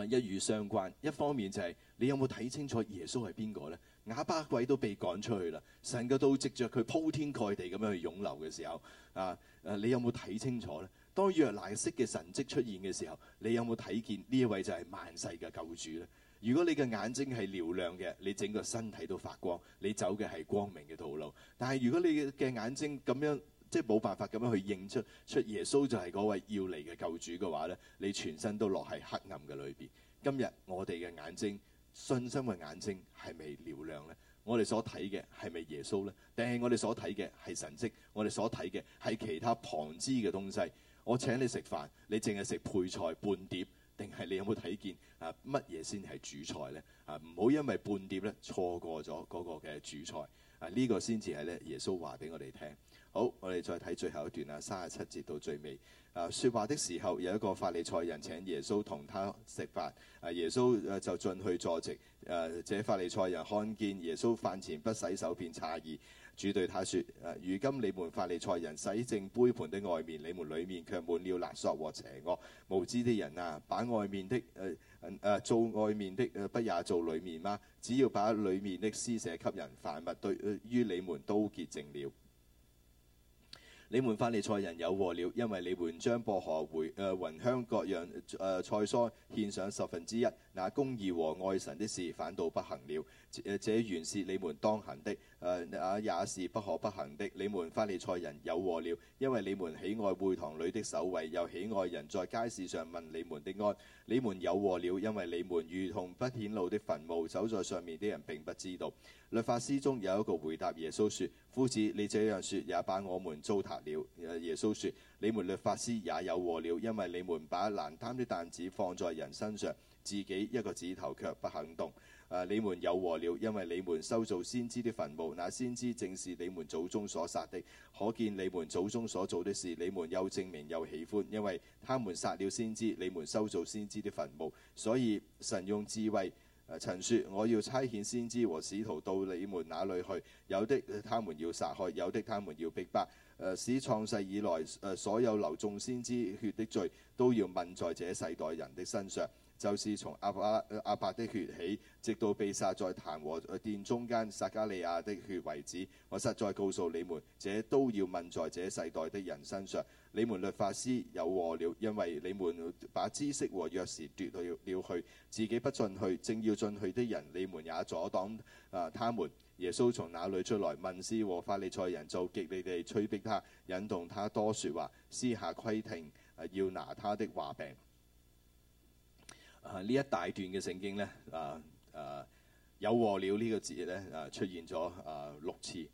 [SPEAKER 1] 啊，一語相關。一方面就係、是、你有冇睇清楚耶穌係邊個咧？啞巴鬼都被趕出去啦，神嘅道藉着佢鋪天蓋地咁樣去湧流嘅時候，啊誒、啊，你有冇睇清楚咧？當約拿式嘅神跡出現嘅時候，你有冇睇見呢一位就係萬世嘅救主咧？如果你嘅眼睛係嘹亮嘅，你整個身體都發光，你走嘅係光明嘅道路。但係如果你嘅眼睛，咁樣即係冇辦法咁樣去認出出耶穌就係嗰位要嚟嘅救主嘅話呢，你全身都落喺黑暗嘅裏邊。今日我哋嘅眼睛，信心嘅眼睛係咪嘹亮呢？我哋所睇嘅係咪耶穌呢？定係我哋所睇嘅係神蹟？我哋所睇嘅係其他旁支嘅東西？我請你食飯，你淨係食配菜半碟。定係你有冇睇見啊？乜嘢先係主菜呢？啊，唔好因為半碟咧，錯過咗嗰個嘅主菜啊！呢、呢個先至係咧，耶穌話俾我哋聽。好，我哋再睇最後一段啦，三十七節到最尾。啊，説話的時候，有一個法利賽人請耶穌同他食飯。啊，耶穌、啊、就進去坐席。誒、啊，這法利賽人看見耶穌飯前不洗手，便詫異。主對他説：如今你們法利賽人洗淨杯盤的外面，你們裡面卻滿了勒索和邪惡。無知的人啊，把外面的、呃呃、做外面的不也做裡面嗎？只要把裡面的施捨給人，凡物對於你們都潔淨了。你們法利賽人有禍了，因為你們將薄荷回、回、呃、誒、芸香各樣誒、呃、菜蔬獻上十分之一，那公義和愛神的事反倒不行了。這原是你們當行的。誒、呃、也是不可不行的，你們法利賽人有禍了，因為你們喜愛會堂裏的守衞，又喜愛人在街市上問你們的安，你們有禍了，因為你們如同不顯露的墳墓，走在上面的人並不知道。律法師中有一個回答耶穌說：夫子你這樣説，也把我們糟蹋了、啊。耶穌説：你們律法師也有禍了，因為你們把難擔的擔子放在人身上，自己一個指頭卻不肯動。啊、你們有禍了，因為你們修造先知的墳墓，那先知正是你們祖宗所殺的。可見你們祖宗所做的事，你們又證明又喜歡，因為他們殺了先知，你們修造先知的墳墓。所以神用智慧，誒、呃、曾說：我要差遣先知和使徒到你們那裡去，有的他們要殺害，有的他們要逼迫。使、啊、創世以來，啊、所有流眾先知血的罪，都要問在這世代人的身上。就是從亞伯亞伯的血起，直到被殺在壇和殿中間撒加利亞的血為止。我實在告訴你們，這都要問在這世代的人身上。你們律法師有禍了，因為你們把知識和鑰匙奪去了去，自己不進去，正要進去的人，你們也阻擋、呃、他們。耶穌從哪裏出來，文士和法利賽人就極力地催逼他，引動他多説話，私下規定、呃、要拿他的話柄。啊！呢一大段嘅聖經咧，啊啊，有禍了呢個字咧，啊出現咗啊六次。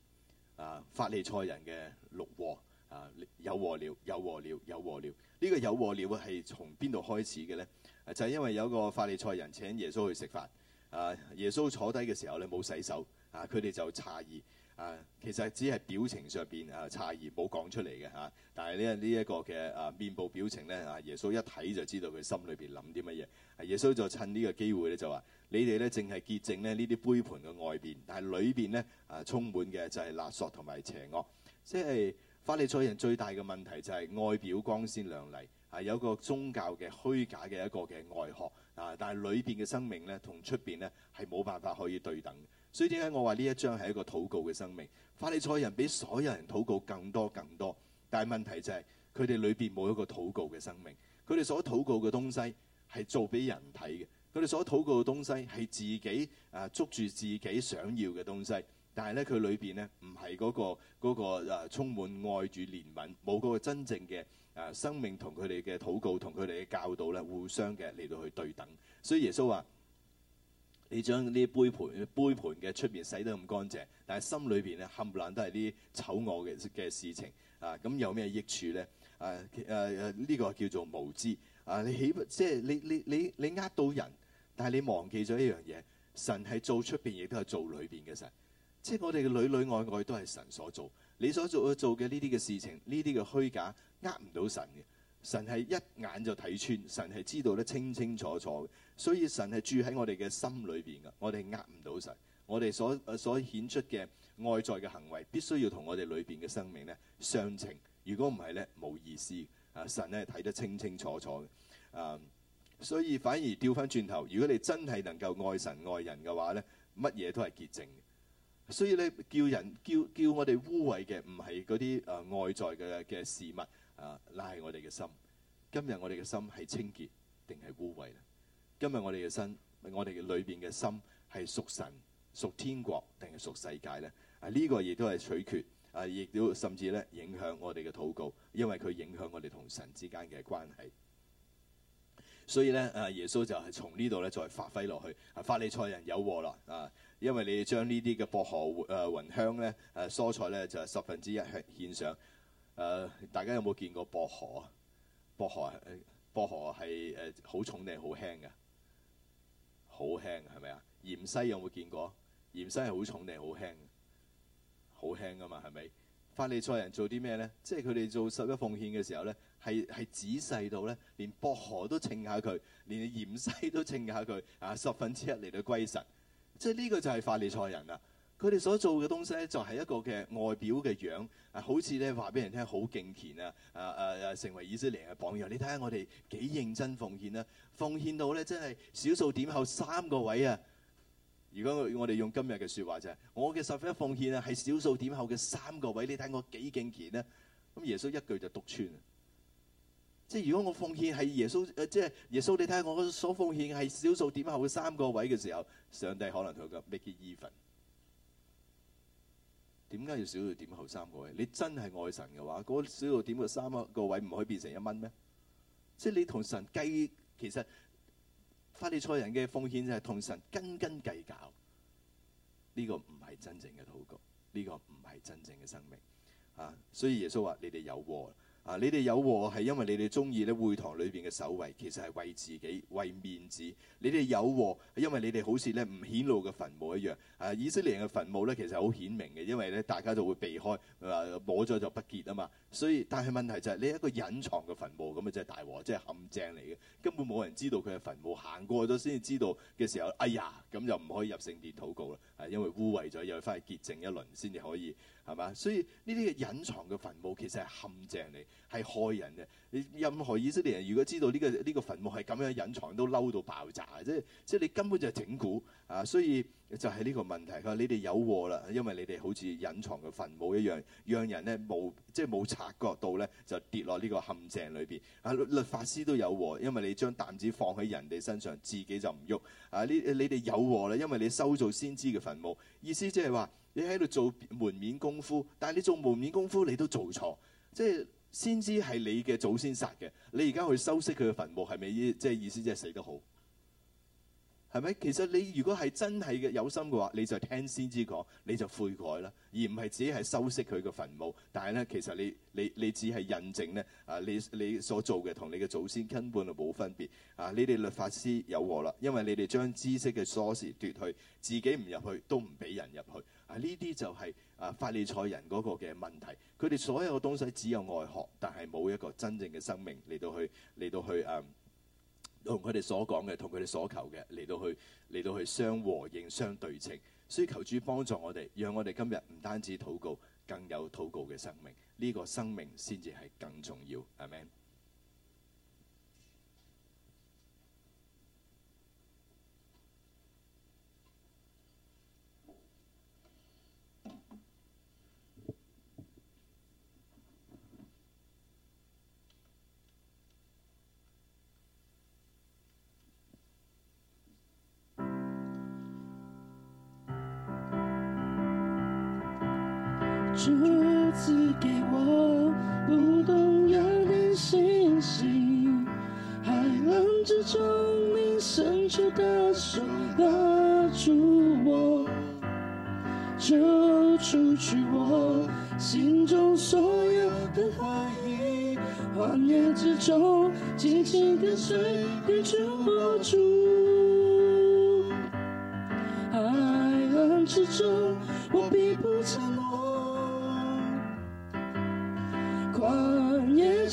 [SPEAKER 1] 啊法利賽人嘅六禍，啊有禍了，有禍了，有禍了。呢、這個有禍了係從邊度開始嘅咧？就係、是、因為有個法利賽人請耶穌去食飯。啊耶穌坐低嘅時候咧，冇洗手，啊佢哋就詫異。啊，其實只係表情上邊啊差異冇講出嚟嘅嚇，但係呢呢一個嘅啊面部表情呢，啊，耶穌一睇就知道佢心裏邊諗啲乜嘢。耶穌就趁呢個機會咧就話：你哋呢，淨係潔淨咧呢啲杯盤嘅外邊，但係裏邊呢，啊充滿嘅就係勒索同埋邪惡。即係法利賽人最大嘅問題就係外表光鮮亮麗，係、啊、有個宗教嘅虛假嘅一個嘅外殼啊，但係裏邊嘅生命呢，同出邊呢，係冇辦法可以對等。所以點解我話呢一章係一個禱告嘅生命？法利賽人比所有人禱告更多更多，但係問題就係佢哋裏邊冇一個禱告嘅生命。佢哋所禱告嘅東西係做俾人睇嘅，佢哋所禱告嘅東西係自己啊捉住自己想要嘅東西，但係咧佢裏邊咧唔係嗰個嗰個啊充滿愛與憐憫，冇嗰個真正嘅啊生命同佢哋嘅禱告同佢哋嘅教導咧互相嘅嚟到去對等。所以耶穌話。你將呢杯盤杯盤嘅出邊洗得咁乾淨，但係心裏邊咧冚唪唥都係啲醜惡嘅嘅事情啊！咁有咩益處咧？誒誒誒，呢、啊這個叫做無知啊！你起即係你你你你呃到人，但係你忘記咗一樣嘢，神係做出邊亦都係做裏邊嘅神。即係我哋嘅裏裏外外都係神所做。你所做嘅做嘅呢啲嘅事情，呢啲嘅虛假，呃唔到神嘅。神係一眼就睇穿，神係知道得清清楚楚嘅，所以神係住喺我哋嘅心裏邊嘅，我哋呃唔到神，我哋所所顯出嘅外在嘅行為必須要同我哋裏邊嘅生命呢相稱，如果唔係呢，冇意思，啊神呢睇得清清楚楚嘅，啊所以反而調返轉頭，如果你真係能夠愛神愛人嘅話呢乜嘢都係潔淨嘅，所以呢叫人叫叫我哋污穢嘅唔係嗰啲誒外在嘅嘅事物，啊！拉係我哋嘅心。今日我哋嘅心係清潔定係污穢咧？今日我哋嘅心，我哋嘅裏邊嘅心係屬神、屬天國定係屬世界咧？啊！呢、呢個亦都係取決啊，亦都甚至咧影響我哋嘅禱告，因為佢影響我哋同神之間嘅關係。所以咧，啊耶穌就係從呢度咧再發揮落去，啊法利賽人有禍啦！啊，因為你哋將呢啲嘅薄荷誒芸、呃、香咧誒、啊、蔬菜咧就係、是、十分之一係獻上。誒、呃，大家有冇見過薄荷？薄荷，薄荷係誒好重定好輕嘅？好輕係咪啊？芫茜有冇見過？芫茜係好重定好輕？好輕噶嘛，係咪？法利賽人做啲咩咧？即係佢哋做十一奉獻嘅時候咧，係係仔細到咧，連薄荷都稱下佢，連芫茜都稱下佢，啊，十分之一嚟到歸神，即係呢個就係法利賽人啦。佢哋所做嘅東西咧，就係一個嘅外表嘅樣啊，好似咧話俾人聽好敬虔啊！啊啊成為以色列嘅榜樣。你睇下我哋幾認真奉獻啦，奉獻到咧真係小數點後三個位啊！如果我哋用今日嘅説話就係、是、我嘅十分一奉獻啊，係小數點後嘅三個位。你睇我幾敬虔咧、啊？咁、嗯、耶穌一句就篤穿啊！即係如果我奉獻係耶穌，呃、即係耶穌，你睇下我所奉獻係小數點後嘅三個位嘅時候，上帝可能同我 make it、even. 點解要小數點後三個位？你真係愛神嘅話，嗰個，少小數點個三個位唔可以變成一蚊咩？即係你同神計，其實法利賽人嘅奉獻就係同神斤斤計較，呢、呢個唔係真正嘅禱告，呢、呢個唔係真正嘅生命啊！所以耶穌話：你哋有禍。啊！你哋有禍係因為你哋中意咧會堂裏邊嘅首位，其實係為自己為面子。你哋有禍係因為你哋好似咧唔顯露嘅墳墓一樣。啊！以色列人嘅墳墓咧其實好顯明嘅，因為咧大家就會避開，話、啊、摸咗就不潔啊嘛。所以但係問題就係、是、你一個隱藏嘅墳墓，咁啊就係大禍，即、就、係、是、陷阱嚟嘅，根本冇人知道佢嘅墳墓，行過咗先至知道嘅時候，哎呀咁就唔可以入聖殿禱告啦，係、啊、因為污穢咗，又要翻去潔淨一輪先至可以。係嘛？所以呢啲隱藏嘅墳墓其實係陷阱嚟，係害人嘅。你任何以色列人如果知道呢個呢個墳墓係咁樣隱藏，都嬲到爆炸。即係即係你根本就係整蠱啊！所以就係呢個問題。佢話你哋有禍啦，因為你哋好似隱藏嘅墳墓一樣，讓人呢冇，即係冇察覺到咧，就跌落呢個陷阱裏邊。啊，律法師都有禍，因為你將擔子放喺人哋身上，自己就唔喐。啊，你你哋有禍啦，因為你修造先知嘅墳墓。意思即係話。你喺度做門面功夫，但係你做門面功夫，你都做錯。即係先知係你嘅祖先殺嘅，你而家去修飾佢嘅墳墓係咪？即係意思即係死得好係咪？其實你如果係真係嘅有心嘅話，你就聽先知講，你就悔改啦，而唔係只係修飾佢嘅墳墓。但係咧，其實你你你只係印證咧啊！你你所做嘅同你嘅祖先根本就冇分別啊！你哋律法師有禍啦，因為你哋將知識嘅鎖匙奪去，自己唔入去都唔俾人入去。呢啲、啊、就係、是、啊法利賽人嗰個嘅問題，佢哋所有嘅東西只有外學，但係冇一個真正嘅生命嚟到去嚟到去啊，同佢哋所講嘅，同佢哋所求嘅嚟到去嚟到去相和應、相對稱。所以求主幫助我哋，讓我哋今日唔單止禱告，更有禱告嘅生命。呢、這個生命先至係更重要。阿 Amen。
[SPEAKER 2] 初次給我不同樣的欣喜，海浪之中你伸出的手拉住我，就除去我心中所有的恨意，幻滅之中，緊緊跟隨，點點不住， 海浪之中我並不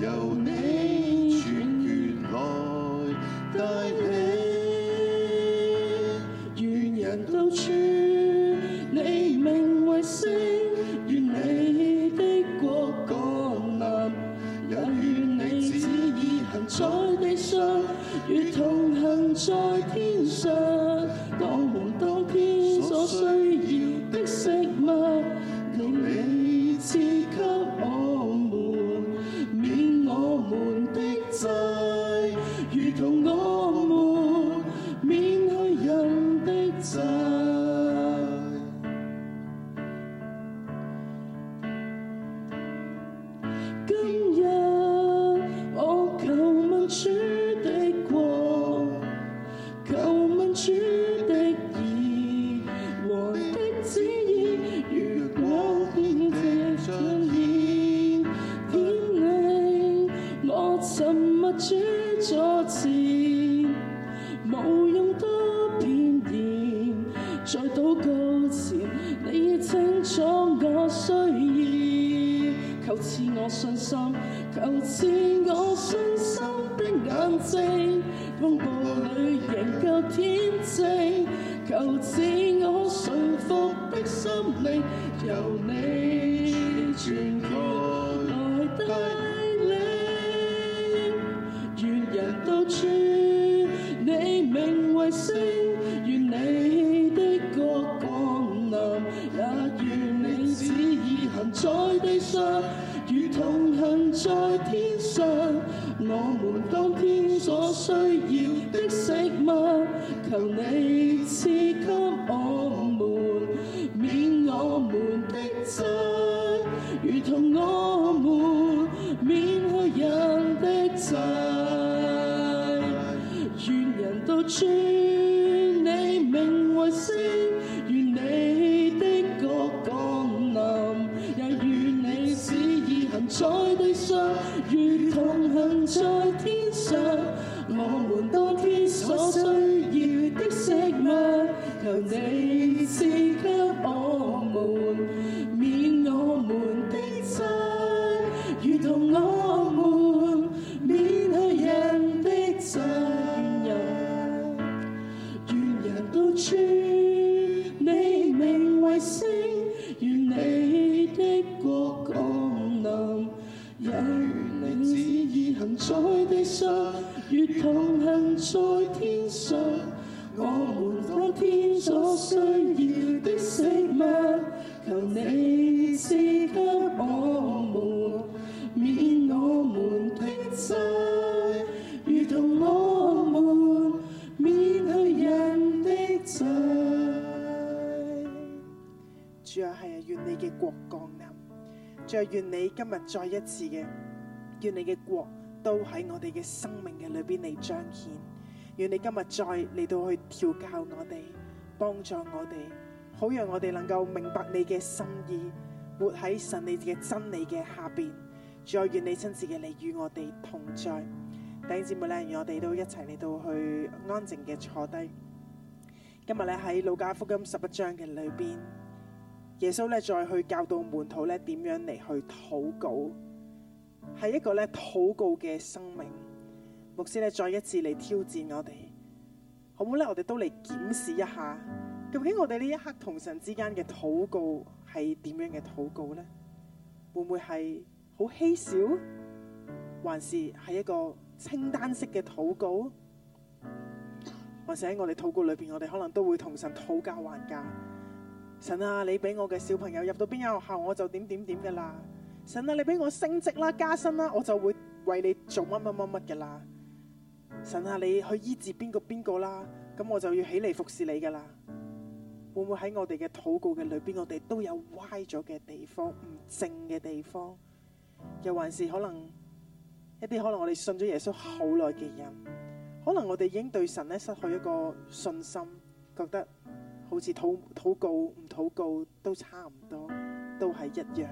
[SPEAKER 2] 由你全權來帶領，願人到處你名為聖，願你的國降臨，也願你旨意行在地上，如同行在天上。當我們當天所需。如同我們免去人的債，願人都尊你名為聖，願你的國降臨，也願你旨意行在地上，如同行在天上。我們當天所需要的食物，求你賜。
[SPEAKER 3] 就願你今日再一次嘅，願你嘅國都喺我哋嘅生命嘅裏邊嚟彰顯。願你今日再嚟到去調教我哋，幫助我哋，好讓我哋能夠明白你嘅心意，活喺神你嘅真理嘅下邊。再願你親自嘅嚟與我哋同在，弟兄姊妹咧，我哋都一齊嚟到去安靜嘅坐低。今日咧喺路加福音十一章嘅裏邊。耶穌咧再去教導門徒咧點樣嚟去禱告，係一個咧禱告嘅生命。牧師咧再一次嚟挑戰我哋，好唔好咧？我哋都嚟檢視一下，究竟我哋呢一刻同神之間嘅禱告係點樣嘅禱告呢？會唔會係好稀少，還是係一個清單式嘅禱告，或者喺我哋禱告裏邊我哋可能都會同神討價還價？神啊，你俾我嘅小朋友入到邊間學校，我就點點點噶啦！神啊，你俾我升職啦、加薪啦，我就會為你做乜乜乜乜噶啦！神啊，你去醫治邊個邊個啦，咁我就要起嚟服侍你噶啦！會唔會喺我哋嘅禱告嘅裏邊，我哋都有歪咗嘅地方、唔正嘅地方，又還是可能一啲可能我哋信咗耶穌好耐嘅人，可能我哋已經對神呢失去一個信心，覺得。好似禱告唔禱告都差唔多，都係一樣。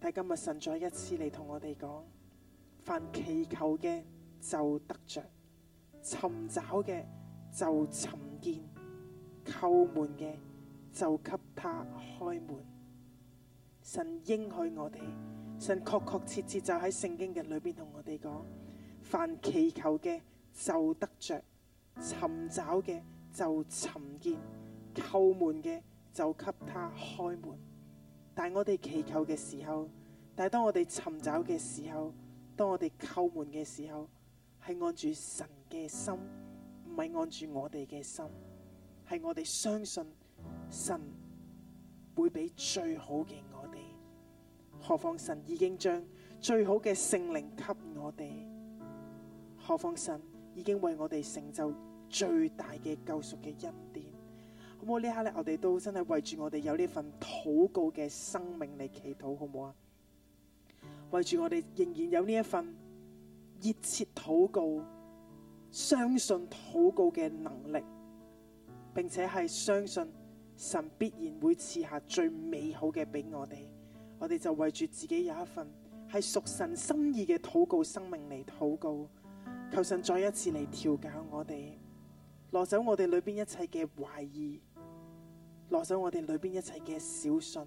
[SPEAKER 3] 但今日神再一次嚟同我哋講：凡祈求嘅就得着，尋找嘅就尋見，叩門嘅就給他開門。神應許我哋，神確確切切就喺聖經嘅裏邊同我哋講：凡祈求嘅就得着，尋找嘅。就尋見，叩門嘅就給他開門。但我哋祈求嘅時候，但係當我哋尋找嘅時候，當我哋叩門嘅時候，係按住神嘅心，唔係按住我哋嘅心，係我哋相信神會俾最好嘅我哋，何況神已經將最好嘅聖靈給我哋，何況神已經為我哋成就最大嘅救贖嘅恩典，好唔好？呢刻咧，我哋都真係為住我哋有呢份禱告嘅生命嚟祈禱，好唔好啊？為住我哋仍然有呢一份熱切禱告、相信禱告嘅能力，並且係相信神必然會賜下最美好嘅俾我哋。我哋就為住自己有一份係屬神心意嘅禱告生命嚟禱告。求神再一次嚟調教我哋。攞走我哋裏邊一切嘅懷疑，攞走我哋裏邊一切嘅小信，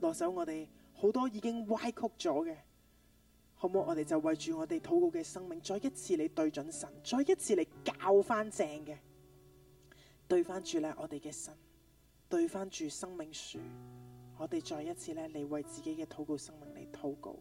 [SPEAKER 3] 攞走我哋好多已經歪曲咗嘅，好唔好？我哋就為住我哋禱告嘅生命，再一次你對準神，再一次你教翻正嘅，對翻住咧我哋嘅神，對翻住生命樹，我哋再一次咧，你為自己嘅禱告生命嚟禱告。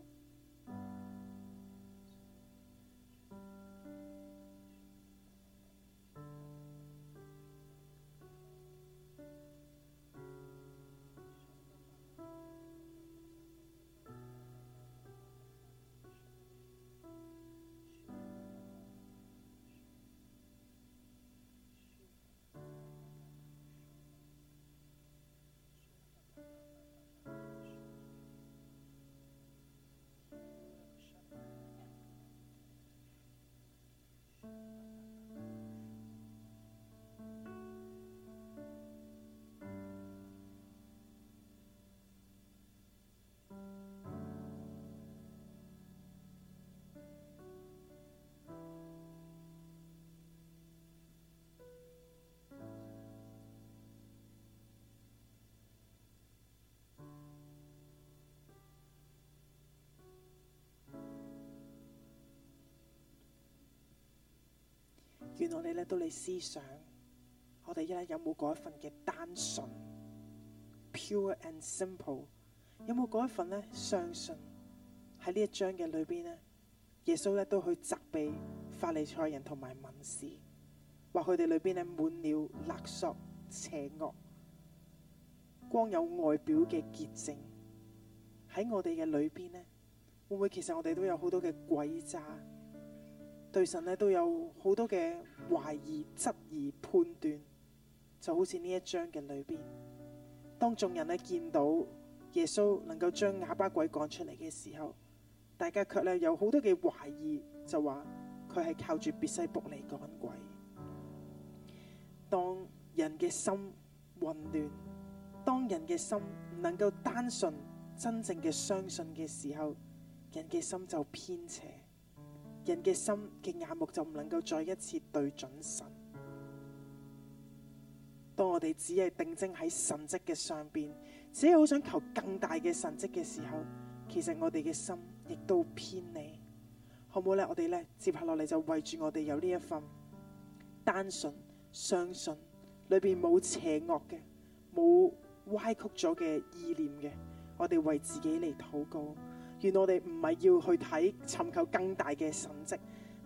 [SPEAKER 3] 原來你嚟到你思想，我哋咧有冇嗰一份嘅單純，pure and simple？有冇嗰一份咧相信？喺呢一章嘅裏邊呢，耶穌咧都去責備法利賽人同埋文士，話佢哋裏邊咧滿了勒索、邪惡，光有外表嘅潔淨，喺我哋嘅裏邊呢，會唔會其實我哋都有好多嘅詭詐？對神咧都有好多嘅懷疑、質疑、判斷，就好似呢一章嘅裏邊，當眾人咧見到耶穌能夠將啞巴鬼趕出嚟嘅時候，大家卻咧有好多嘅懷疑，就話佢係靠住別西卜嚟趕鬼。當人嘅心混亂，當人嘅心唔能夠單純、真正嘅相信嘅時候，人嘅心就偏斜。人嘅心嘅眼目就唔能夠再一次對準神。當我哋只係定睛喺神跡嘅上邊，只係好想求更大嘅神跡嘅時候，其實我哋嘅心亦都偏離，好唔好咧？我哋咧接下落嚟就為住我哋有呢一份單純、相信，裏邊冇邪惡嘅、冇歪曲咗嘅意念嘅，我哋為自己嚟禱告。願我哋唔係要去睇尋求更大嘅神蹟，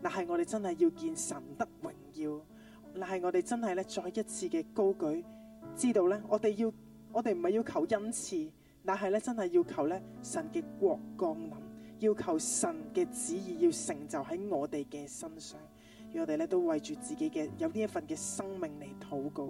[SPEAKER 3] 但係我哋真係要見神得榮耀。但係我哋真係咧，再一次嘅高舉，知道咧，我哋要我哋唔係要求恩賜，但係咧真係要求咧神嘅國降臨，要求神嘅旨意要成就喺我哋嘅身上。願我哋咧都為住自己嘅有呢一份嘅生命嚟禱告。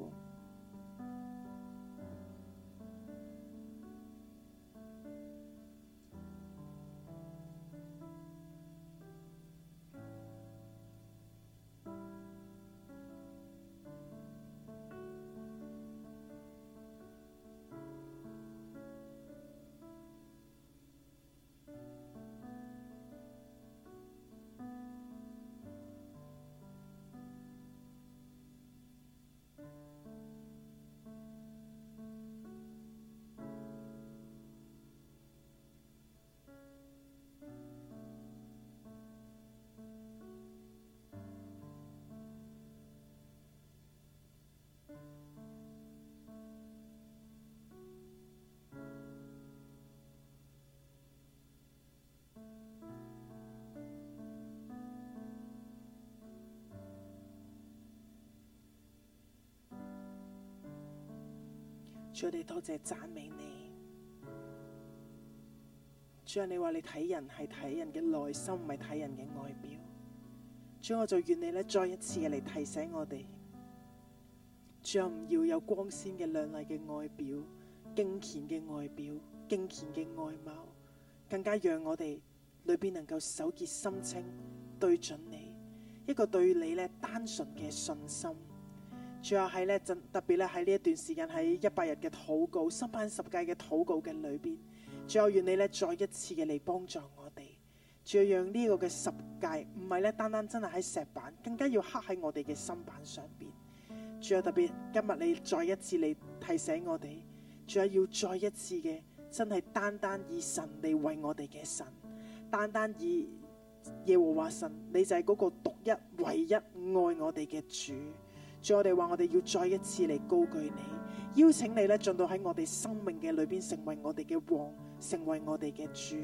[SPEAKER 3] 主啊，我哋多謝讚美你。主啊，你話你睇人係睇人嘅內心，唔係睇人嘅外表。主，我就願你咧再一次嚟提醒我哋。主啊，唔要有光鮮嘅亮麗嘅外表，敬虔嘅外表，敬虔嘅外貌，更加讓我哋裏邊能夠手潔心清，對準你一個對你咧單純嘅信心。最後喺咧，特別咧喺呢一段時間喺一百日嘅禱告、新版十誡嘅禱告嘅裏邊，最後願你咧再一次嘅嚟幫助我哋，仲要讓個呢個嘅十誡唔係咧單單真係喺石板，更加要刻喺我哋嘅心板上邊。最後特別今日你再一次嚟提醒我哋，仲要要再一次嘅真係單單以神嚟為我哋嘅神，單單以耶和華神，你就係嗰個獨一唯一愛我哋嘅主。主我哋話我哋要再一次嚟高舉你，邀請你咧進到喺我哋生命嘅裏邊，成為我哋嘅王，成為我哋嘅主，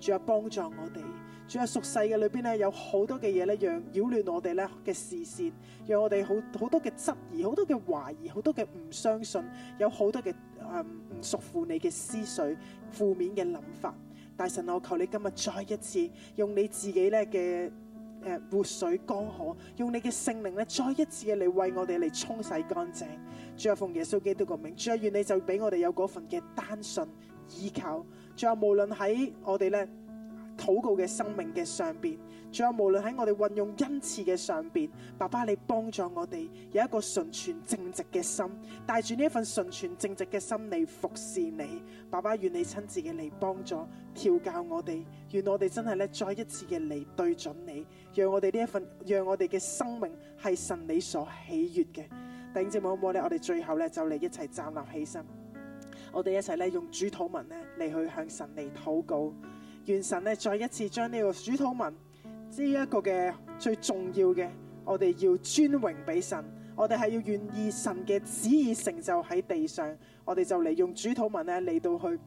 [SPEAKER 3] 仲有幫助我哋，仲有屬世嘅裏邊咧有好多嘅嘢咧讓擾亂我哋咧嘅視線，讓我哋好好多嘅質疑，好多嘅懷疑，好多嘅唔相信，有好多嘅誒唔屬乎你嘅思緒、負面嘅諗法。大神，我求你今日再一次用你自己咧嘅。活水江河，用你嘅聖靈再一次嘅嚟為我哋嚟沖洗乾淨。主啊，奉耶穌基督嘅名，主啊，願你就俾我哋有嗰份嘅單純依靠。最後無論喺我哋咧。禱告嘅生命嘅上邊，仲有無論喺我哋運用恩賜嘅上邊，爸爸你幫助我哋有一個純全正直嘅心，帶住呢一份純全正直嘅心嚟服侍你。爸爸願你親自嘅嚟幫助調教我哋，願我哋真係咧再一次嘅嚟對準你，讓我哋呢一份讓我哋嘅生命係神你所喜悅嘅。弟兄姊妹，我哋最後咧就嚟一齊站立起身，我哋一齊咧用主禱文咧嚟去向神嚟禱告。願神咧再一次將呢個主禱文，呢一個嘅最重要嘅，我哋要尊榮俾神，我哋係要願意神嘅旨意成就喺地上，我哋就嚟用主禱文咧嚟到去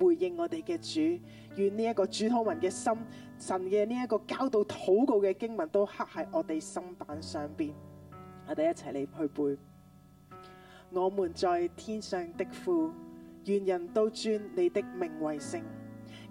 [SPEAKER 3] 回應我哋嘅主，願呢一個主禱文嘅心，神嘅呢一個教導禱告嘅經文都刻喺我哋心板上邊，我哋一齊嚟去背。我們在天上的父，願人都尊你的名為聖。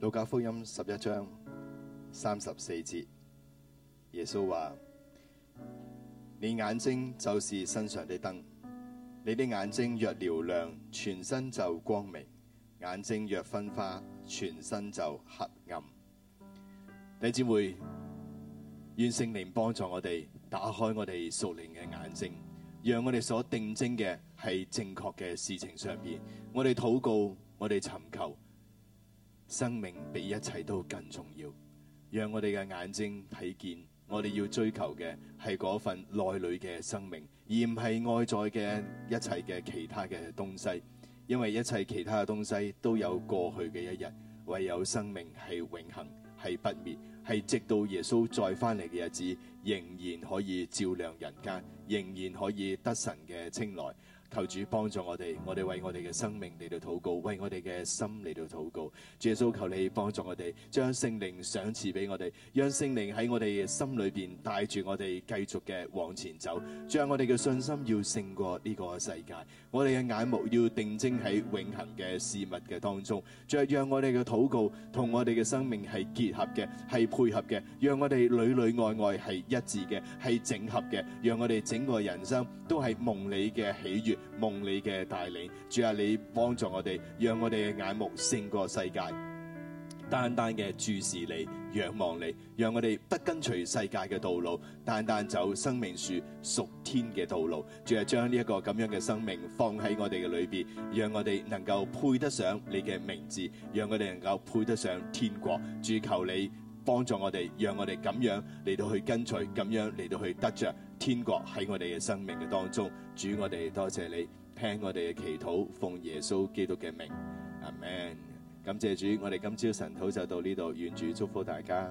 [SPEAKER 1] 路加福音十一章三十四節，耶穌話：你眼睛就是身上的燈。你的眼睛若嘹亮，全身就光明；眼睛若昏花，全身就黑暗。弟兄姊妹，願聖靈幫助我哋打開我哋屬靈嘅眼睛，讓我哋所定睛嘅係正確嘅事情上邊。我哋禱告，我哋尋求。生命比一切都更重要，讓我哋嘅眼睛睇見，我哋要追求嘅係嗰份內裏嘅生命，而唔係外在嘅一切嘅其他嘅東西，因為一切其他嘅東西都有過去嘅一日，唯有生命係永恆，係不滅，係直到耶穌再翻嚟嘅日子，仍然可以照亮人間，仍然可以得神嘅青睞。求主幫助我哋，我哋為我哋嘅生命嚟到禱告，為我哋嘅心嚟到禱告。主耶穌，求你幫助我哋，將聖靈賞賜俾我哋，讓聖靈喺我哋嘅心裏邊帶住我哋繼續嘅往前走。將我哋嘅信心要勝過呢個世界，我哋嘅眼目要定睛喺永恆嘅事物嘅當中。再讓我哋嘅禱告同我哋嘅生命係結合嘅，係配合嘅。讓我哋裏裏外外係一致嘅，係整合嘅。讓我哋整個人生都係蒙你嘅喜悅。蒙你嘅帶領，主啊，你幫助我哋，讓我哋嘅眼目勝過世界，單單嘅注視你，仰望你，讓我哋不跟隨世界嘅道路，單單走生命樹屬天嘅道路。主啊，將呢一個咁樣嘅生命放喺我哋嘅裏邊，讓我哋能夠配得上你嘅名字，讓我哋能夠配得上天國。主求你幫助我哋，讓我哋咁樣嚟到去跟隨，咁樣嚟到去得着。天國喺我哋嘅生命嘅當中，主，我哋多謝你聽我哋嘅祈禱，奉耶穌基督嘅名，阿 man，感謝主。我哋今朝晨禱就到呢度，願主祝福大家。